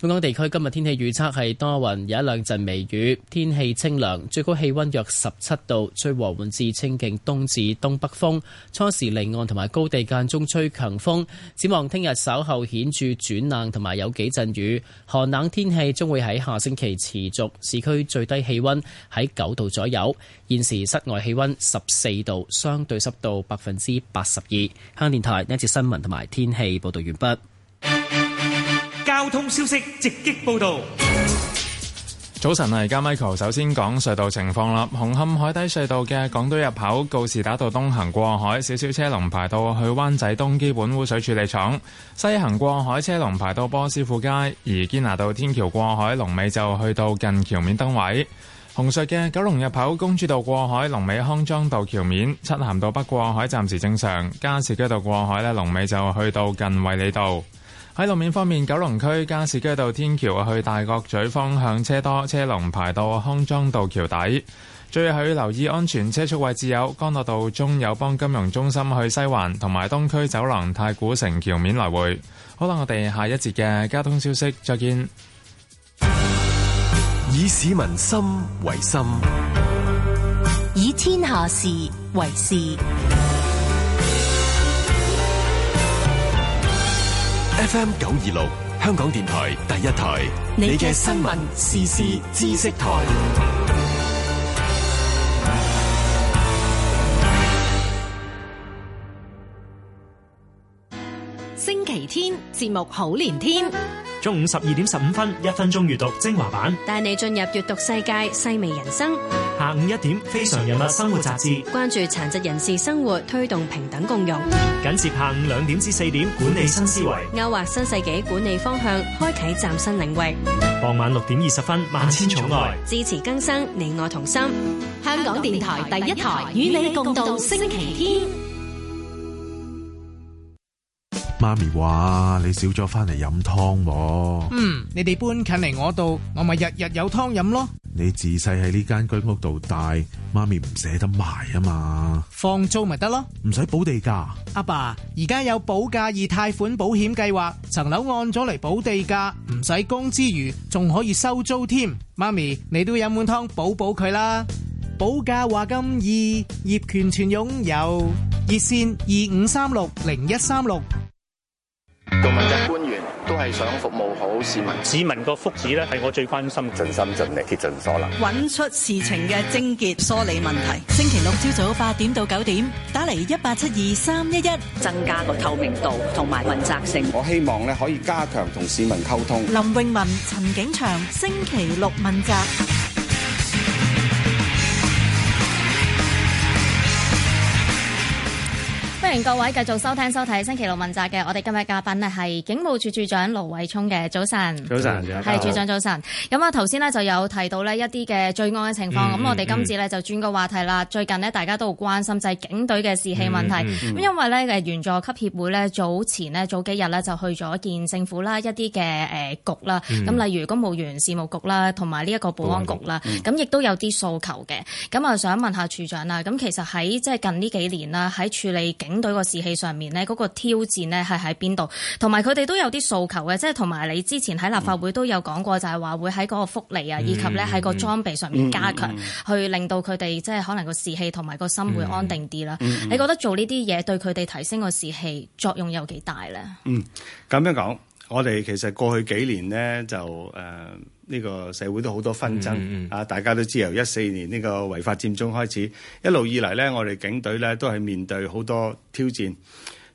A: 本港地區今日天氣預測係多雲，有一兩陣微雨，天氣清涼，最高氣溫約十七度，吹和緩至清勁東至東北風，初時離岸同埋高地間中吹強風。展望聽日稍後顯著轉冷，同埋有幾陣雨，寒冷天氣將會喺下星期持續。市區最低氣溫喺九度左右，現時室外氣溫十四度，相對濕度百分之八十二。香港電台呢一節新聞同埋天氣報道完畢。
B: 通消息直擊報道。
C: 早晨啊，而家 Michael 首先講隧道情況啦。紅磡海底隧道嘅港島入口告士打道東行過海，少少車龍排到去灣仔東基本污水處理廠；西行過海車龍排到波斯富街，而堅拿道天橋過海龍尾就去到近橋面燈位。紅隧嘅九龍入口公主道過海龍尾康莊道橋面，漆咸道北過海暫時正常；加士居道過海咧龍尾就去到近衛理道。喺路面方面，九龍區加士居道天橋去大角咀方向車多，車龍排到康莊道橋底。最後要留意安全車速位置，有干諾道中友邦金融中心去西環，同埋東區走廊太古城橋面來回。好啦，我哋下一節嘅交通消息，再見。以市民心為心，
D: 以天下事為事。
B: FM 九二六，香港電台第一台，你嘅新聞、時事、知識台，
D: 星期天節目好連天。
B: 中午十二點十五分，一分鐘閱讀精華版，
D: 帶你進入閱讀世界，細微人生。
B: 下午一點，非常人物生活雜誌，
D: 關注殘疾人士生活，推動平等共融。
B: 緊接下午兩點至四點，管理新思維，
D: 勾畫新世紀管理方向，開啟嶄新領域。
B: 傍晚六點二十分，萬千寵愛，
D: 支持更生，你我同心。香港電台第一台，與你共度
A: 星期天。
E: 媽咪話：你少咗翻嚟飲湯。嗯，
A: 你哋搬近嚟我度，我咪日日有湯飲咯。
E: 你自細喺呢間居屋度大，媽咪唔捨得賣啊嘛，
A: 放租咪得咯，
E: 唔使補地價。
A: 阿爸，爸，而家有保價易貸款保險計劃，層樓按咗嚟補地價，唔使供之餘，仲可以收租添。媽咪，你都飲碗湯補補佢啦。保價話咁易，業權全擁有，熱線二五三六零一三六。
B: 做問責官員都係想服務好市民，市民個福祉咧係我最關心，盡心盡力，竭盡所能，
D: 搵出事情嘅症結、梳理問題。星期六朝早八點到九點，打嚟一八七二三一一，增加個透明度同埋問責性。我希
F: 望咧可以加強同市民溝通。
D: 林穎文、陳景祥，星期六問責。歡迎各位繼續收聽收睇星期六問責嘅，我哋今日嘉賓呢係警務處處長盧偉聰嘅，早晨，
F: 早晨上，係處長早
D: 晨。咁啊，頭先呢就有提到呢一啲嘅罪案嘅情況，咁、嗯、我哋今次呢就轉個話題啦。嗯、最近呢大家都好關心就係警隊嘅士氣問題，咁、嗯嗯、因為呢，誒員佐級協會呢，早前呢早幾日呢就去咗見政府啦，一啲嘅誒局啦，咁例如公務員事務局啦，同埋呢一個保安局啦，咁亦、嗯嗯、都有啲訴求嘅。咁啊，想問下處長啦，咁其實喺即係近呢幾年啦，喺處理警對個士氣上面咧，嗰、那個挑戰咧係喺邊度？同埋佢哋都有啲訴求嘅，即係同埋你之前喺立法會都有講過，嗯、就係話會喺嗰個福利啊，嗯、以及咧喺個裝備上面加強，嗯嗯、去令到佢哋即係可能個士氣同埋個心會安定啲啦。嗯、你覺得做呢啲嘢對佢哋提升個士氣作用有幾大咧？嗯，
F: 咁樣講，我哋其實過去幾年咧就誒。呃呢個社會都好多紛爭、mm hmm. 啊！大家都知由一四年呢個違法佔中開始，一路以嚟咧，我哋警隊咧都係面對好多挑戰，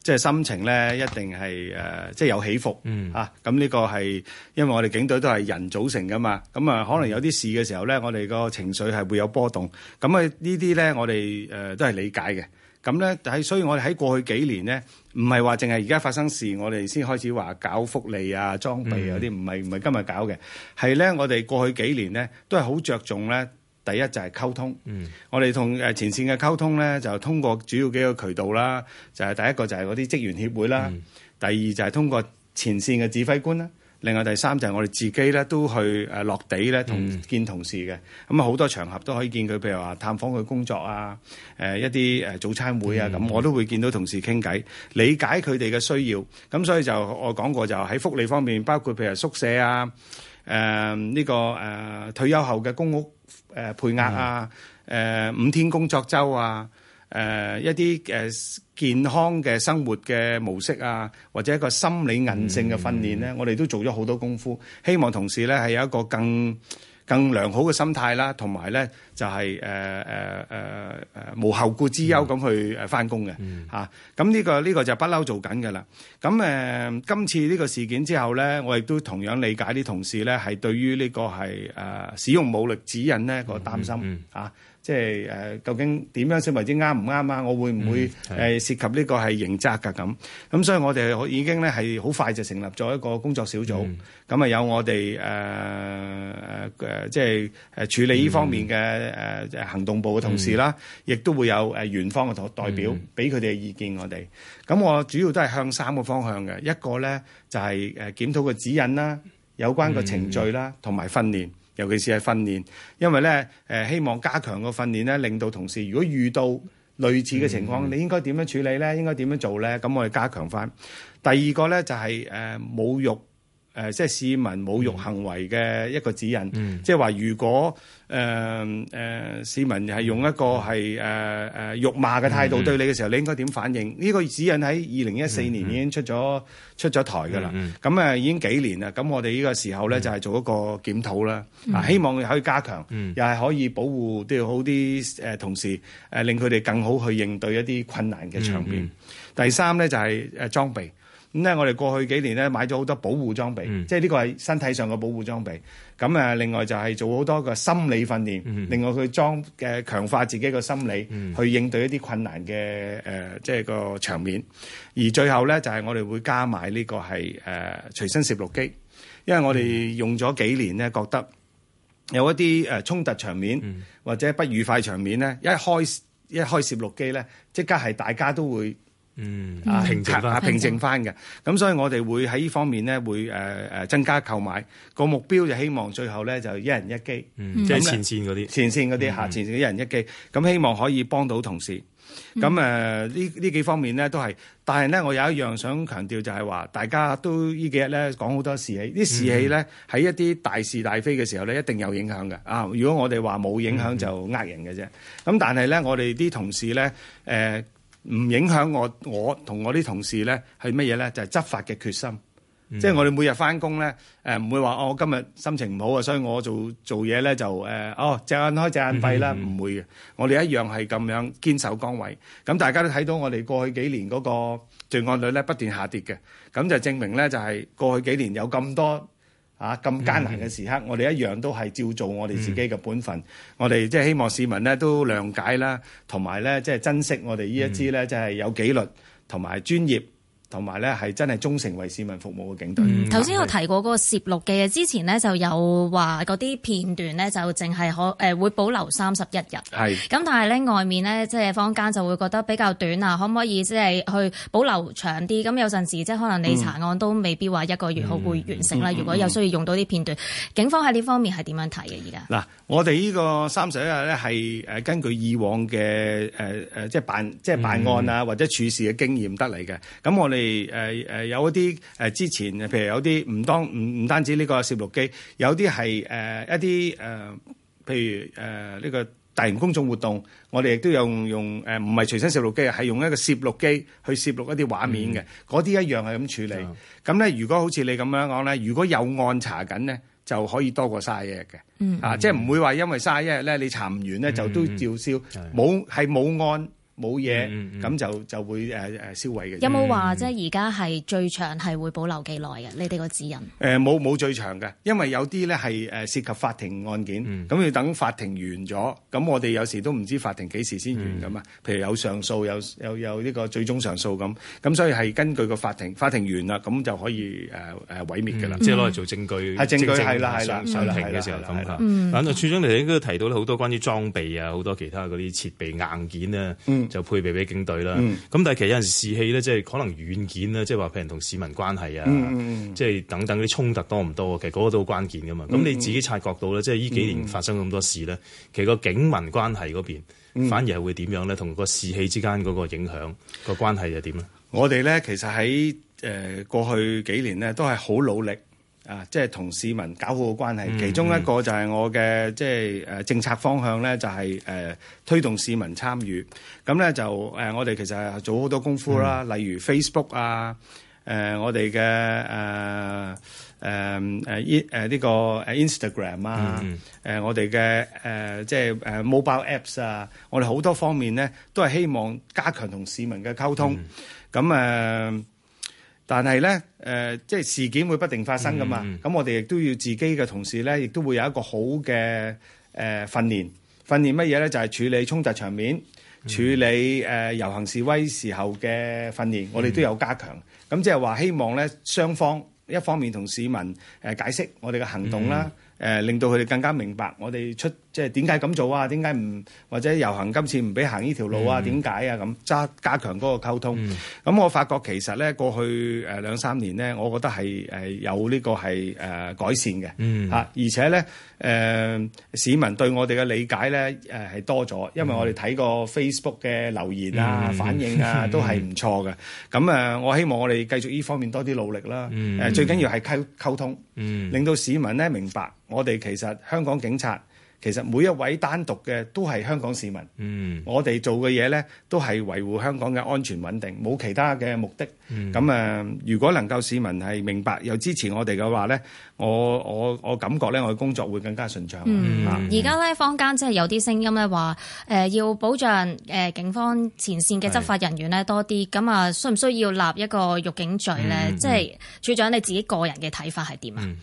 F: 即係心情咧一定係誒、呃，即係有起伏、mm hmm. 啊！咁、這、呢個係因為我哋警隊都係人組成㗎嘛，咁、嗯、啊可能有啲事嘅時候咧，我哋個情緒係會有波動，咁啊呢啲咧我哋誒、呃、都係理解嘅。咁咧喺，所以我哋喺過去幾年咧，唔係話淨係而家發生事，我哋先開始話搞福利啊、裝備啊啲，唔係唔係今日搞嘅，係咧我哋過去幾年咧都係好着重咧，第一就係溝通，我哋同誒前線嘅溝通咧就通過主要幾個渠道啦，就係第一個就係嗰啲職員協會啦，第二就係通過前線嘅指揮官啦。另外第三就係我哋自己咧都去誒落地咧同見同事嘅，咁好多場合都可以見佢，譬如話探訪佢工作啊，誒一啲誒早餐會啊，咁我都會見到同事傾偈，理解佢哋嘅需要，咁所以就我講過就喺福利方面，包括譬如宿舍啊，誒呢個誒退休後嘅公屋誒配額啊，誒五天工作週啊。誒一啲誒健康嘅生活嘅模式啊，或者一個心理韌性嘅訓練咧，我哋都做咗好多功夫，希望同事咧係有一個更更良好嘅心態啦，同埋咧就係誒誒誒誒無後顧之憂咁去誒翻工嘅嚇。咁呢個呢個就不嬲做緊嘅啦。咁誒，今次呢個事件之後咧，我亦都同樣理解啲同事咧係對於呢個係誒使用武力指引呢個擔心嚇。即係誒，究竟點樣先為之啱唔啱啊？我會唔會誒涉及呢個係刑責㗎咁？咁所以我哋已經咧係好快就成立咗一個工作小組。咁啊有我哋誒誒即係誒處理呢方面嘅誒行動部嘅同事啦，亦都會有誒院方嘅代代表俾佢哋嘅意見我哋。咁我主要都係向三個方向嘅，一個咧就係誒檢討嘅指引啦，有關個程序啦，同埋訓練。尤其是喺訓練，因為呢，誒、呃、希望加強個訓練呢，令到同事如果遇到類似嘅情況，嗯嗯嗯你應該點樣處理呢？應該點樣做呢？咁我哋加強返。第二個呢，就係、是、誒、呃、侮辱。誒，即係市民侮辱行為嘅一個指引，即係話如果誒誒市民係用一個係誒誒辱罵嘅態度對你嘅時候，你應該點反應？呢個指引喺二零一四年已經出咗出咗台㗎啦，咁誒已經幾年啦。咁我哋呢個時候咧就係做一個檢討啦，希望可以加強，又係可以保護啲好啲誒同事，誒令佢哋更好去應對一啲困難嘅場面。第三咧就係誒裝備。咁咧，我哋過去幾年咧買咗好多保護裝備，嗯、即係呢個係身體上嘅保護裝備。咁誒，另外就係做好多嘅心理訓練。嗯、另外去裝誒強化自己嘅心理，嗯、去應對一啲困難嘅誒、呃，即係個場面。而最後咧，就係我哋會加埋呢個係誒、呃、隨身攝錄機，因為我哋用咗幾年咧，覺得有一啲誒衝突場面、嗯、或者不愉快場面咧，一開一開攝錄機咧，即刻係大家都會。
C: 嗯，平靜翻，平靜
F: 翻嘅。咁所以我哋會喺呢方面咧，會誒誒增加購買。個目標就希望最後咧就一人一機，嗯、那即係前線嗰啲，那前線嗰啲嚇，嗯、下前線、嗯、下前線一人一機。咁希望可以幫到同事。咁誒呢呢幾方面咧都係，但係咧我有一樣想強調就係話，大家都呢幾日咧講好多士氣，啲士氣咧喺一啲大是大非嘅時候咧一定有影響嘅。啊，如果我哋話冇影響就呃人嘅啫。咁但係咧我哋啲同事咧誒。呃呃唔影響我，我同我啲同事咧係乜嘢咧？就係執法嘅決心，即係我哋每日翻工咧，誒唔會話哦我今日心情唔好啊，所以我做做嘢咧就誒哦隻眼開隻眼閉啦，唔會嘅。我哋一樣係咁樣堅守崗位。咁大家都睇到我哋過去幾年嗰個罪案率咧不斷下跌嘅，咁就證明咧就係過去幾年有咁多。啊！咁艱難嘅時刻，嗯、我哋一樣都係照做我哋自己嘅本分。嗯、我哋即係希望市民咧都諒解啦，同埋咧即係珍惜我哋呢一支咧即係有紀律同埋專業。同埋咧，係真係忠誠為市民服務
A: 嘅警隊。頭先
D: 我提過個攝錄嘅嘢，之前呢，就有話嗰啲片段呢，就淨係可誒會保留三十一日。係咁，但係咧外面呢，即係坊間就會覺得比較短啊，可唔可以即係去保留長啲？咁有陣時即係可能你查案都未必話一個月可會完成啦。如果有需要用到啲片段，警方喺呢方面係點樣睇嘅？而家
E: 嗱，
F: 我哋呢個三十一日呢，係誒根據以往嘅誒誒即係辦即係辦案啊或者處事嘅經驗得嚟嘅。咁我哋。誒誒有一啲誒，之前譬如有啲唔當唔唔、嗯、單止呢個攝錄機，有啲係誒一啲誒、呃，譬如誒呢、呃這個大型公眾活動，我哋亦都有用誒，唔係隨身攝錄機，係用一個攝錄機去攝錄一啲畫面嘅，嗰啲、嗯、一樣係咁處理。咁咧的，如果好似你咁樣講咧，如果有案查緊咧，就可以多過卅一日嘅，嗯嗯、啊，即係唔會話因為卅一日咧，你查唔完咧就都照銷，冇係冇案。嗯冇嘢咁就就會誒誒銷毀嘅。有冇話
D: 即係而家係最長係會保留幾耐嘅？你哋個指引
F: 誒冇冇最長嘅，因為有啲咧係誒涉及法庭案件，咁要等法庭完咗，咁我哋有時都唔知法庭幾時先完咁啊。譬如有上訴，有有有呢個最終上訴咁，咁所以係根據個法庭法庭完啦，咁就可以
E: 誒誒毀滅嘅啦，即係攞嚟做證據。係證據，係啦，係啦，上庭嘅時候咁啊，反正處長你哋應該提到好多關於裝備啊，好多其他嗰啲設備硬件啊。就配備俾警隊啦，咁、嗯、但係其實有陣時士氣咧，即係可能軟件啦，即係話譬如同市民關係啊，即係、嗯嗯、等等啲衝突多唔多呀？其實嗰個都好關鍵噶嘛。咁、嗯、你自己察覺到咧，嗯、即係呢幾年發生咁多事咧，嗯、其實個警民關係嗰邊反而係會點樣咧？同個、嗯、士氣之間嗰個影響個關係又點咧？我哋咧其實喺誒過去幾年
F: 咧都係好努力。啊，即係同市民搞好個關係，其中一個就係我嘅即係誒、呃、政策方向咧，就係、係、誒、呃、推動市民參與。咁咧就誒、呃、我哋其實係做好多功夫啦，嗯、例如 Facebook 啊，誒、呃、我哋嘅誒誒誒呢誒呢個 Instagram 啊，誒我哋嘅誒即係誒、啊、mobile apps 啊，我哋好多方面咧都係希望加強同市民嘅溝通。咁誒、嗯。但係咧，誒、呃、即係事件會不定發生噶嘛？咁、嗯、我哋亦都要自己嘅同事咧，亦都會有一個好嘅誒訓練。訓練乜嘢咧？就係、是、處理衝突場面、嗯、處理誒遊、呃、行示威時候嘅訓練。我哋都有加強，咁即係話希望咧，雙方一方面同市民誒、呃、解釋我哋嘅行動啦，誒、嗯呃、令到佢哋更加明白我哋出。即係點解咁做啊？點解唔或者遊行今次唔俾行呢條路啊？點解啊？咁加加強嗰個溝通。咁我發覺其實咧過去誒兩三年咧，我覺得係誒有呢個係誒改善嘅嚇。而且咧誒市民對我哋嘅理解咧誒係多咗，因為我哋睇過 Facebook 嘅留言啊、反應啊都係唔錯嘅。咁啊，我希望我哋繼續呢方面多啲努力啦。誒最緊要係溝溝通，令到市民咧明白我哋其實香港警察。其實每一位單獨嘅都係香港市民，嗯、我哋做嘅嘢呢都係維護香港嘅安全穩定，冇其他嘅目的。咁啊、嗯，如果能夠市民係明白又支持我哋嘅話呢，我我我感覺呢，我嘅工作會更加順暢。而
D: 家呢，嗯、坊間即係有啲聲音呢話，誒、呃、要保障誒警方前線嘅執法人員呢多啲，咁啊需唔需要立一個辱警罪呢？嗯嗯嗯、即係處長你自己個人嘅睇法係點啊？嗱、嗯。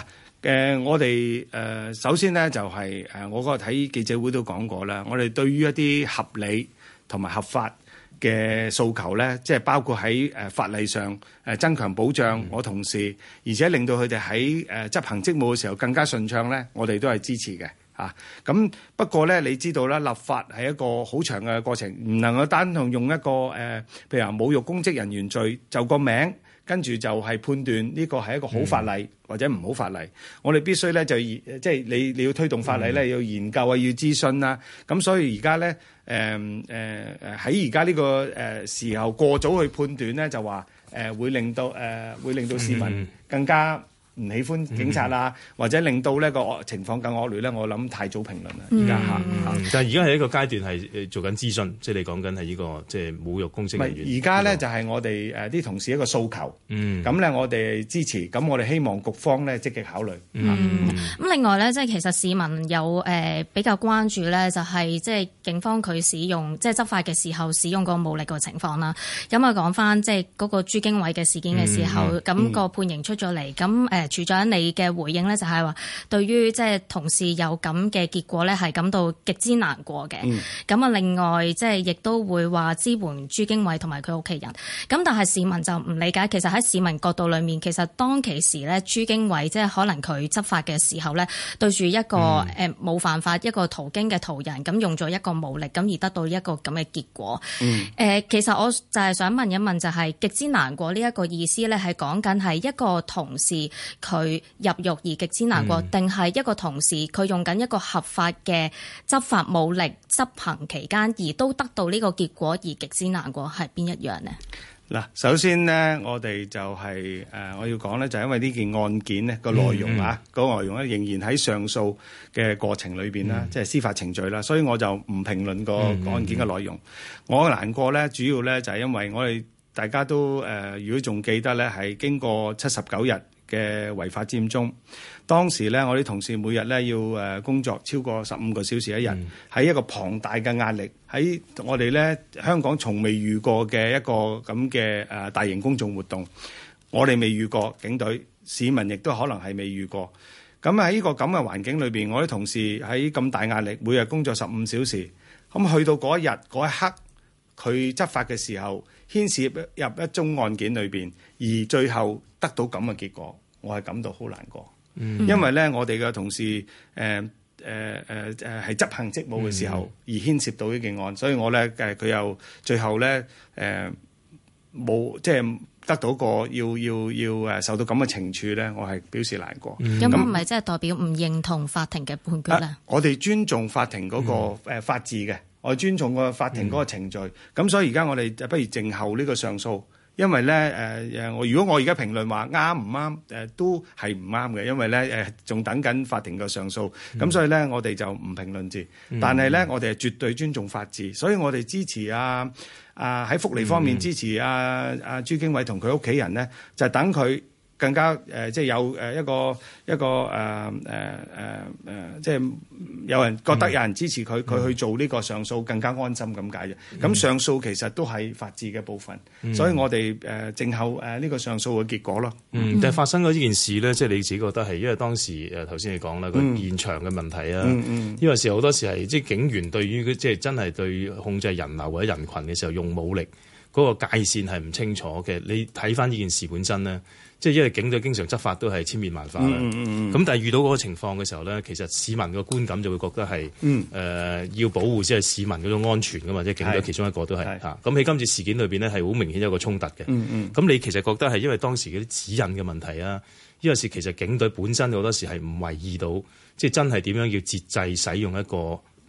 F: 嗯誒、呃，我哋誒、呃、首先咧就係、是、誒、呃，我嗰個睇記者會都講過啦。我哋對於一啲合理同埋合法嘅訴求咧，即係包括喺誒、呃、法例上誒、呃、增強保障，我同事，而且令到佢哋喺誒執行職務嘅時候更加順暢咧，我哋都係支持嘅嚇。咁、啊、不過咧，你知道啦，立法係一個好長嘅過程，唔能夠單同用一個誒、呃，譬如話侮辱公職人員罪就個名。跟住就係判斷呢個係一個好法例、嗯、或者唔好法例，我哋必須咧就即係你你要推動法例咧、嗯、要研究要啊要諮詢啦，咁所以而家咧誒誒喺而家呢、呃呃、呢個誒時候過早去判斷咧就話誒、呃、會令到誒、呃、會令到市民更加。唔喜歡警察啊，或者令到呢個情況更惡劣呢。我諗
E: 太早評論啦，而
F: 家嚇。
E: 但係而家係一個階段係做緊諮詢，即你講緊係呢個即係侮辱公職人員。而家呢，就係我哋誒
F: 啲同事一個訴求，咁呢，我哋支持，咁我哋希望局方呢積極考慮。嗯，
D: 咁另外呢，即係其實市民有誒比較關注呢，就係即係警方佢使用即係執法嘅時候使用個武力個情況啦。咁啊講返即係嗰個朱經緯嘅事件嘅時候，咁個判刑出咗嚟，咁誒。處長，你嘅回應咧就係話，對於即係同事有咁嘅結果咧，係感到極之難過嘅。咁啊、嗯，另外即係亦都會話支援朱經緯同埋佢屋企人。咁但係市民就唔理解，其實喺市民角度裏面，其實當其時咧，朱經緯即係可能佢執法嘅時候咧，對住一個誒冇、嗯呃、犯法一個途經嘅途人，咁用咗一個武力，咁而得到一個咁嘅結果。誒、嗯呃，其實我就係想問一問、就是，就係極之難過呢一個意思咧，係講緊係一個同事。佢入獄而極之難過，定係、嗯、一個同事佢用緊一個合法嘅執法武力執行期間而都得到呢個結果而極之難過，係邊一樣呢？
F: 嗱，首先呢，我哋就係、是、誒、呃，我要講呢，就係、因為呢件案件呢、嗯嗯啊個內容啊個內容呢仍然喺上訴嘅過程裏邊啦，嗯、即係司法程序啦，所以我就唔評論個案件嘅內容。嗯嗯嗯、我難過呢，主要呢就係、是、因為我哋大家都誒、呃，如果仲記得呢，係經過七十九日嘅違法佔中，當時咧，我啲同事每日咧要誒工作超過十五個小時一日，喺、嗯、一個龐大嘅壓力，喺我哋咧香港從未遇過嘅一個咁嘅誒大型公眾活動，我哋未遇過警隊，市民亦都可能係未遇過。咁喺呢個咁嘅環境裏邊，我啲同事喺咁大壓力，每日工作十五小時，咁去到嗰一日嗰一刻。佢執法嘅時候牽涉入一宗案件裏邊，而最後得到咁嘅結果，我係感到好難過。嗯、因為咧，我哋嘅同事誒誒誒誒係執行職務嘅時候而牽涉到呢件案，所以我咧誒佢又最後咧誒冇即係得到過要要要誒受到咁嘅懲處咧，我係表示難過。咁唔
D: 係即係代表唔認同法庭嘅判決啦、
F: 啊。我哋尊重法庭嗰個法治嘅。嗯我尊重個法庭嗰個程序，咁、嗯啊、所以而家我哋就不如靜候呢個上訴，因為咧誒誒，我如果我而家評論話啱唔啱，誒都係唔啱嘅，因為咧誒仲等緊法庭嘅上訴，咁、嗯、所以咧我哋就唔評論住，
E: 但係咧
F: 我哋係絕對尊重法治，所以我哋支持啊啊喺福利方面支持阿、啊、阿、嗯啊啊、朱經緯同佢屋企人咧，就等佢。更加誒、呃，即係有誒、呃、一個一個誒誒誒誒，即係有人覺得有人支持佢，佢、嗯、去做呢個上訴更加安心咁解嘅。咁、嗯、上訴其實
E: 都係法治嘅部分，嗯、所以我哋誒、呃、靜候誒呢、呃這個上訴嘅結果咯。但係、嗯嗯、發生咗呢件事咧，即係你自己覺得係因為當時誒頭先你講啦個現場嘅問題啊，呢、嗯嗯嗯、個時候好多時係即係警員對於即係真係對控制人流人或者人群嘅時候用武力嗰個界線係唔清楚嘅。你睇翻呢件事本身咧。即係因為警隊經常執法都係千變萬化啦，咁、嗯嗯嗯、但係遇到嗰個情況嘅時候咧，其實市民個觀感就會覺得係誒、嗯呃、要保護即係市民嗰種安全噶嘛，即係警隊其中一個都係嚇。咁喺、嗯嗯、今次事件裏邊咧係好明顯有個衝突嘅。咁、嗯嗯、你其實覺得係因為當時嗰啲指引嘅問題啊，呢個事其實警隊本身好多時係唔為意到，即係真係點樣要節制使用一個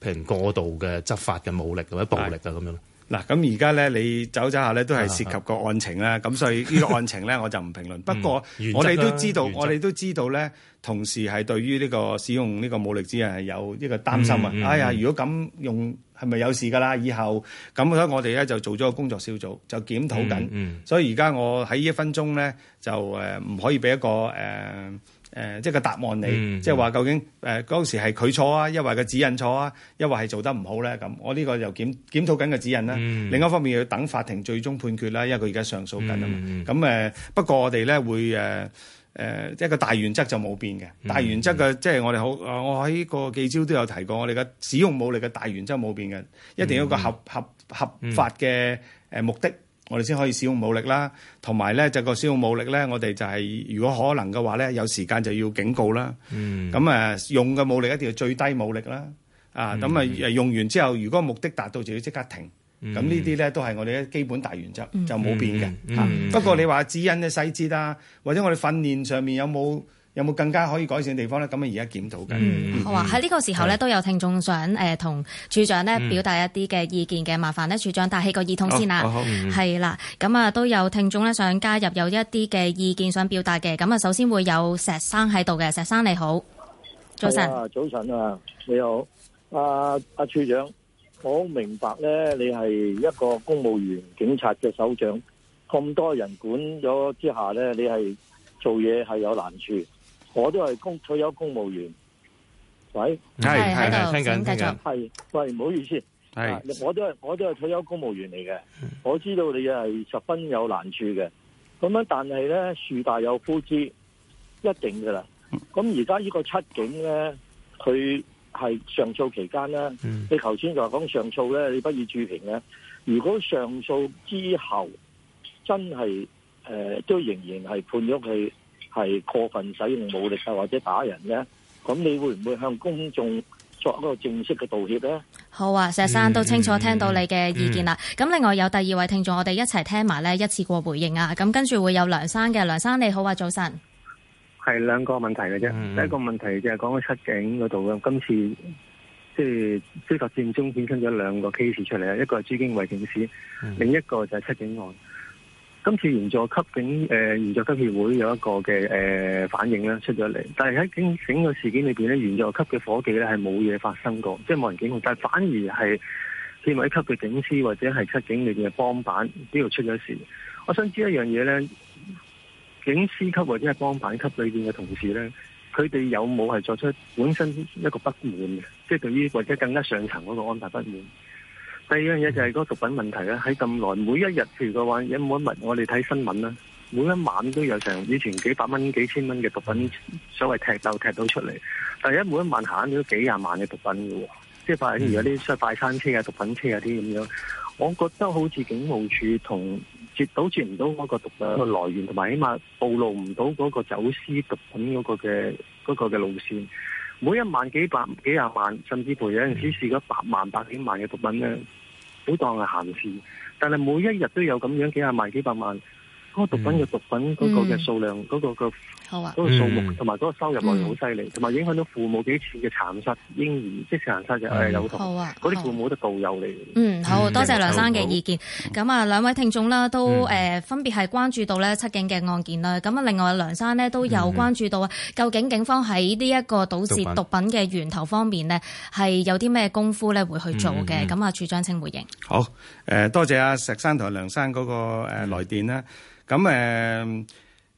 E: 譬如過度嘅執法嘅武力或者暴力啊咁樣。是嗯嗱，咁而家咧，
F: 你走走下咧，都係涉及案 [LAUGHS] 個案情啦。咁所以呢個案情咧，我就唔評論。不過我哋都知道，嗯啊、我哋都知道咧則，同事係對於呢個使用呢個武力之人係有呢個擔心啊。嗯嗯、哎呀，如果咁用，係咪有事噶啦？以後咁所以我哋咧就做咗個工作小組，就檢討緊。嗯嗯、所以而家我喺呢一分鐘咧，就誒唔、呃、可以俾一個誒。呃誒、呃，即係個答案你，嗯、即係話究竟誒嗰、呃、時係佢錯啊，一或個指引錯啊，一或係做得唔好咧咁。我呢個又檢檢討緊個指引啦、啊。嗯、另一方面要等法庭最終判決啦、啊，因為佢而家上訴緊啊嘛。咁誒、嗯嗯呃，不過我哋咧會誒誒即係個大原則就冇變嘅。嗯嗯、大原則嘅、嗯嗯、即係我哋好，我喺個記招都有提過，我哋嘅使用武力嘅大原則冇變嘅，一定要一個合合合法嘅誒目、目的。嗯嗯嗯我哋先可以使用武力啦，同埋咧就個使用武力咧，我哋就係、是、如果可能嘅話咧，有時間就要警告啦。嗯，咁誒用嘅武力一定要最低武力啦。嗯、啊，咁啊用完之後，如果目的達到就要即刻停。
E: 咁、嗯、呢啲
F: 咧都係我哋嘅基本大原則，嗯、就冇變嘅。不過你話指引嘅細節啊，或者我哋訓練上面有冇？有冇更加可以改善嘅地方咧？咁啊，而家檢討緊。我話喺呢個時候咧，都
D: 有聽眾想誒同處長咧表達一啲嘅意見嘅，麻煩咧，處長戴起個耳筒先啦。係啦，咁啊都有聽眾咧想加入有一啲嘅意見想表達嘅，咁啊首先會有石生喺度嘅，石生你好，早晨。
B: 早晨啊，你好，阿阿處長，我明白咧，你係一個公務員、警察嘅首長，咁多人管咗之下咧，你係做嘢係有難處。我都係公退休公務員。喂，係係聽緊，係係喂，唔好意思。係是、啊，我都係我都係退休公務員嚟嘅。我知道你係十分有難處嘅。咁樣，但係咧樹大有枯枝，一定噶啦。咁而家呢個七警咧，佢係上訴期間啦。嗯、你頭先就係講上訴咧，你不如注評不予置評嘅。如果上訴之後真係誒、呃，都仍然係判咗佢。係過分使用武力啊，或者打人咧，咁你會唔會向公眾作一個正式嘅道歉咧？
D: 好啊，石生都清楚聽到你嘅意見啦。咁、嗯嗯嗯、另外有第二位聽眾，我哋一齊聽埋咧，一次過回應啊。咁跟住會有梁生嘅，梁生你好啊，早晨。
B: 係兩個問題嘅啫，第一個問題就係講緊七警嗰度嘅，今次即係非法佔中衍生咗兩個 case 出嚟啊，一個係朱經緯警司，另一個就係七警案。今次員佐級警誒、呃、員佐級協會有一個嘅誒、呃、反應咧出咗嚟，但係喺警警嘅事件裏邊咧，員佐級嘅夥計咧係冇嘢發生過，即係冇人警控，但係反而係見尾級嘅警司或者係七警裏邊嘅幫辦呢度出咗事。我想知一樣嘢咧，警司級或者係幫辦級裏邊嘅同事咧，佢哋有冇係作出本身一個不滿嘅，即係對於或者更加上層嗰個安排不滿？第二樣嘢就係嗰毒品問題啦，喺咁耐，每一日譬如嘅話，有每一晚我哋睇新聞啦，每一晚都有成以前幾百蚊、幾千蚊嘅毒品，所謂踢竇踢到出嚟，但係而家每一晚行都幾廿萬嘅毒品嘅喎，即係發現，而家啲出快餐車啊、毒品車啊啲咁樣，我覺得好似警務處同截到截唔到嗰個毒品嘅來源，同埋起碼暴露唔到嗰個走私毒品嗰個嘅嗰個嘅、嗰個、路線。每一萬幾百幾廿萬，甚至乎有陣時試過百萬百幾萬嘅毒品咧，都當係閒事。但係每一日都有咁樣幾廿萬幾百萬。嗰個毒品嘅毒品嗰嘅數量，嗰個好啊，嗰個數目同埋嗰個收入內容好犀利，同埋影響到父母幾次嘅殘殺嬰兒，即係殘殺嘅誒幼童，嗰啲父母都導遊嚟
D: 嘅。嗯，好多謝梁生嘅意見。咁啊，兩位聽眾啦，都誒分別係關注到呢七警嘅案件啦。咁啊，另外梁生呢都有關注到啊，究竟警方喺呢一個導致毒品嘅源頭方面呢，係有啲咩功夫咧會去做嘅？咁啊，處長請回應。
F: 好，誒多謝阿石生同梁生嗰個誒來電啦。咁誒，誒、嗯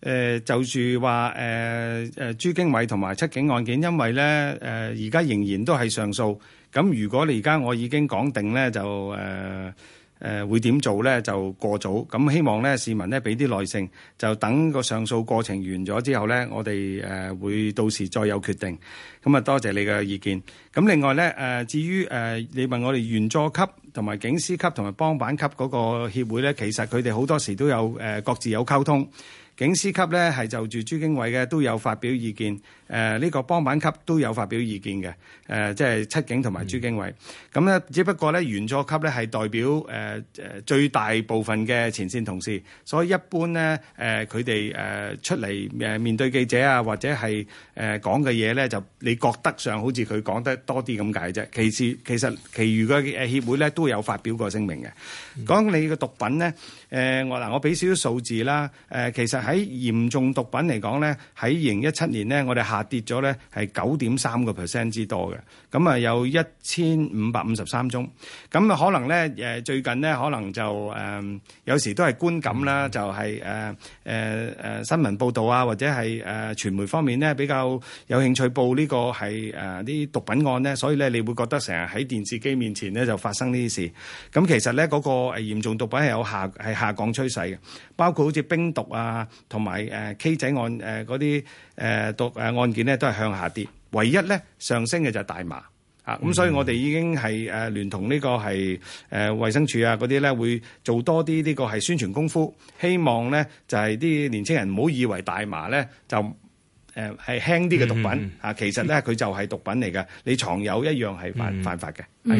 F: 嗯，就住話，誒，誒，朱經緯同埋七警案件，因為咧誒，而、呃、家仍然都係上訴。咁、嗯、如果你而家我已經講定咧，就誒。呃誒、呃、會點做呢？就過早，咁、嗯、希望呢市民咧俾啲耐性，就等個上訴過程完咗之後呢，我哋誒、呃、會到時再有決定。咁、嗯、啊，多謝你嘅意見。咁、嗯、另外呢，誒、呃，至於誒、呃、你問我哋員佐級同埋、呃、警司級同埋幫辦級嗰個協會咧，其實佢哋好多時都有誒、呃、各自有溝通。警司級咧係就住朱經緯嘅都有發表意見，誒、呃、呢、這個幫辦級都有發表意見嘅，誒、呃、即係七警同埋朱經緯。咁咧、嗯、只不過咧員佐級咧係代表誒誒、呃、最大部分嘅前線同事，所以一般咧誒佢哋誒出嚟誒面對記者啊，或者係誒、呃、講嘅嘢咧，就你覺得上好似佢講得多啲咁解啫。其次，其實其餘嘅誒協會咧都有發表過聲明嘅，講你嘅毒品咧。誒我嗱，我俾少少數字啦。誒、呃、其實喺嚴重毒品嚟講咧，喺二零一七年咧，我哋下跌咗咧係九點三個 percent 之多嘅。咁啊有一千五百五十三宗。咁啊可能咧誒、呃、最近咧可能就誒、呃、有時都係觀感啦，就係誒誒誒新聞報導啊，或者係誒、呃、傳媒方面咧比較有興趣報呢個係誒啲毒品案咧，所以咧你會覺得成日喺電視機面前咧就發生呢啲事。咁其實咧嗰、那個嚴重毒品係有下係。下降趨勢嘅，包括好似冰毒啊，同埋誒 K 仔案誒嗰啲誒毒誒、呃、案件咧，都係向下跌。唯一咧上升嘅就係大麻啊，咁、嗯、所以我哋已經係誒聯同呢個係誒、呃、衛生署啊嗰啲咧，會做多啲呢個係宣傳功夫，希望咧就係、是、啲年青人唔好以為大麻咧就。誒係輕啲嘅毒品啊，mm hmm. 其實咧佢就係毒品嚟㗎，你藏有一樣係犯、mm hmm. 犯法嘅。Mm
D: hmm.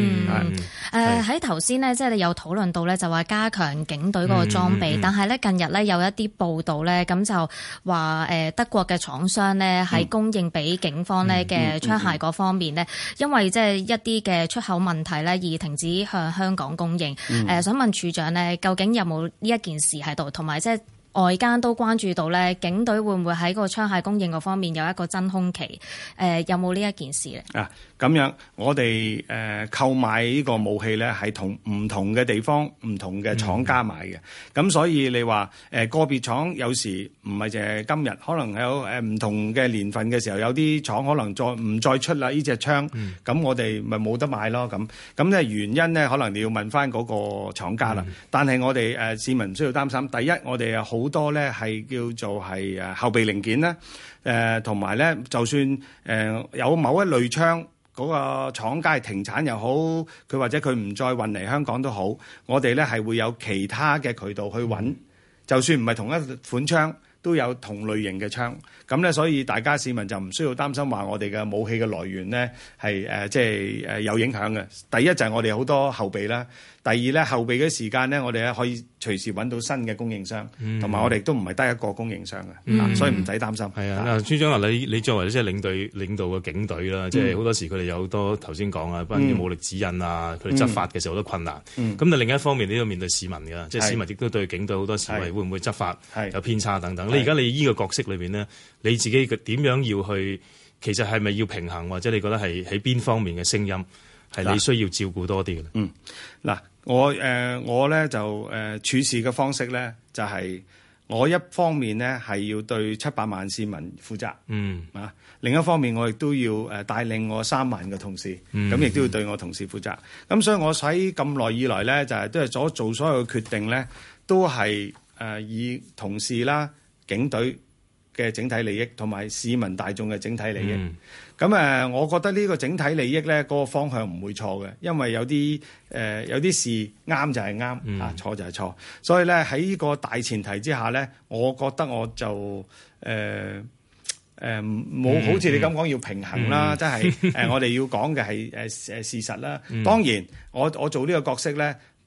D: 是嗯，誒喺頭先呢，即係、呃就是、你有討論到咧，就話、是、加強警隊嗰個裝備，mm hmm. 但係咧近日咧有一啲報道咧，咁就話誒德國嘅廠商呢，喺供應俾警方呢嘅槍械嗰方面呢，mm hmm. 因為即係一啲嘅出口問題咧而停止向香港供應。誒、mm hmm. 呃，想問處長呢，究竟有冇呢一件事喺度，同埋即係？Hmm. 外間都關注到咧，警隊會唔會喺個槍械供應嗰方面有一個真空期？誒、呃，有冇呢一件事咧？
F: 啊咁樣，我哋誒購買呢個武器咧，係同唔同嘅地方、唔同嘅廠家買嘅。咁所以你話誒個別廠有時唔係淨係今日，可能有誒唔同嘅年份嘅時候，有啲廠可能再唔再出啦呢隻槍？咁我哋咪冇得買咯。咁咁咧原因咧，可能你要問翻嗰個廠家啦。但係我哋誒市民唔需要擔心，第一我哋有好多咧係叫做係誒後備零件啦，誒同埋咧就算誒有某一類槍。嗰個廠家停產又好，佢或者佢唔再運嚟香港都好，我哋呢係會有其他嘅渠道去揾，就算唔係同一款槍。都有同類型嘅槍，咁咧，所以大家市民就唔需要擔心話我哋嘅武器嘅來源呢係誒，即係誒有影響嘅。第一就係我哋好多後備啦，第二咧後備嘅時間呢，我哋可以隨時揾到新嘅供應商，同埋我哋都唔係得一個供應商嘅、嗯啊，所以唔使擔心。
E: 係啊、嗯，處、嗯、長啊，你你作為即係領隊、領導嘅警隊啦，即係好多時佢哋有好多頭先講啊，關於武力指引啊，佢哋執法嘅時候都困難。咁但另一方面，你要面對市民㗎，即、就、係、是、市民亦都對警隊好多時係會唔會執法有偏差等等。而家你依個角色裏邊咧，你自己點樣要去？其實係咪要平衡，或者你覺得係喺邊方面嘅聲音係你需要照顧多啲嘅、嗯？嗯，嗱、
F: 呃，我誒，我咧就誒、呃、處事嘅方式咧，就係、是，我一方面咧係要對七百萬市民負責，嗯啊，另一方面我亦都要誒帶領我三萬嘅同事，咁亦都要對我同事負責。咁、嗯、所以我喺咁耐以來咧，就係、是，都係所做所有嘅決定咧，都係誒、呃、以同事啦。警隊嘅整體利益同埋市民大眾嘅整體利益，咁誒、嗯，我覺得呢個整體利益咧，嗰個方向唔會錯嘅，因為有啲誒、呃、有啲事啱就係啱，嗯、啊錯就係錯，所以咧喺呢個大前提之下咧，我覺得我就誒誒冇好似你咁講要平衡啦，即係誒我哋要講嘅係誒誒事實啦。當然，我我做呢個角色咧。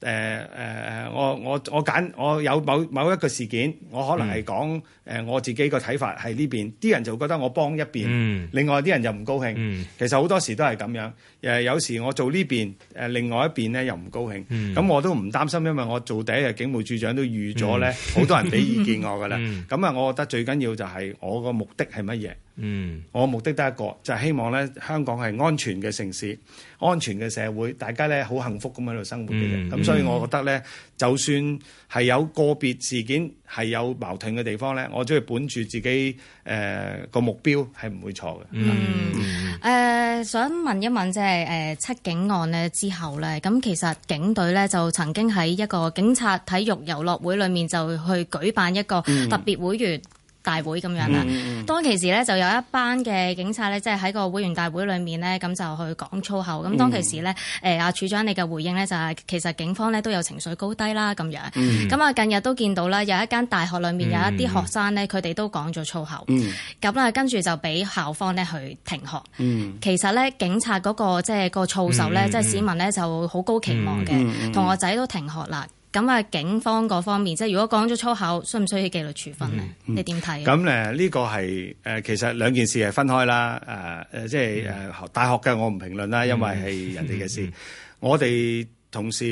F: 誒誒誒，我我我揀，我有某某一個事件，我可能係講誒我自己個睇法喺呢邊，啲、嗯、人就覺得我幫一邊，嗯、另外啲人又唔高興。嗯、其實好多時都係咁樣，誒有時我做呢邊誒，另外一邊咧又唔高興，咁、嗯、我都唔擔心，因為我做第一日警務處長都預咗咧，好多人俾意見我㗎啦。咁 [LAUGHS] 啊、嗯，嗯、我覺得最緊要就係我個目的係乜嘢？嗯，我的目的得一個，就係、希望咧香港係安全嘅城市，安全嘅社會，大家咧好幸福咁喺度生活嘅。咁、嗯、所以我覺得咧，嗯、就算係有個別事件係有矛盾嘅地方咧，我仲要本住自己誒個目標係唔會錯嘅。嗯，誒、嗯
D: 呃、想問一問即係誒七警案呢之後咧，咁其實警隊咧就曾經喺一個警察體育遊樂會裏面就去舉辦一個特別會員。嗯大會咁樣啦，mm hmm. 當其時咧就有一班嘅警察咧，即係喺個會員大會裡面咧，咁就去講粗口。咁、hmm. 當其時咧，誒阿處長你嘅回應咧就係、是、其實警方咧都有情緒高低啦咁樣。咁啊、mm hmm. 近日都見到咧，有一間大學裡面、mm hmm. 有一啲學生咧，佢哋都講咗粗口，咁、hmm. 啦跟住就俾校方咧去停學。Mm hmm. 其實咧警察嗰、那個，就是個 mm hmm. 即係個操守咧，即係市民咧就好高期望嘅，同學仔都停學啦。咁啊，警方嗰方面即係如果講咗粗口，需唔需要紀律處分咧？嗯嗯、你點睇？咁
F: 咧呢個係誒、呃，其實兩件事係分開啦。誒、呃、誒，即係誒、嗯呃、大學嘅我唔評論啦，因為係人哋嘅事。嗯嗯、我哋同事，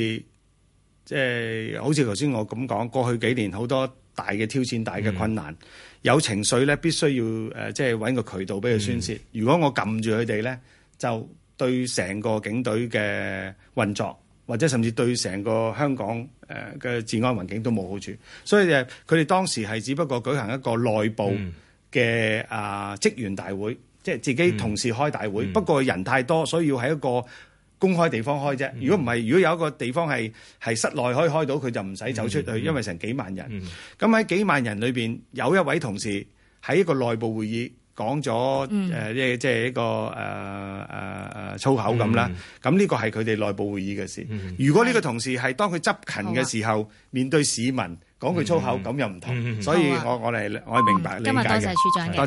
F: 即係好似頭先我咁講，過去幾年好多大嘅挑戰、大嘅困難，嗯、有情緒咧必須要誒、呃，即係揾個渠道俾佢宣泄。嗯、如果我撳住佢哋咧，就對成個警隊嘅運作，或者甚至對成個香港，誒嘅治安環境都冇好處，所以誒佢哋當時係只不過舉行一個內部嘅啊職員大會，嗯、即係自己同事開大會，嗯、不過人太多，所以要喺一個公開地方開啫。如果唔係，如果有一個地方係係室內可以開到，佢就唔使走出去，因為成幾萬人。咁喺、嗯嗯、幾萬人裏邊，有一位同事喺一個內部會議，講咗誒，即係即係一個誒誒誒粗口咁啦。咁呢個係佢哋內部會議嘅事。如果呢個同事係當佢執勤嘅時候面對市民講句粗口，咁又唔同。所以我我哋我係明白理解嘅。今日多謝處長嘅。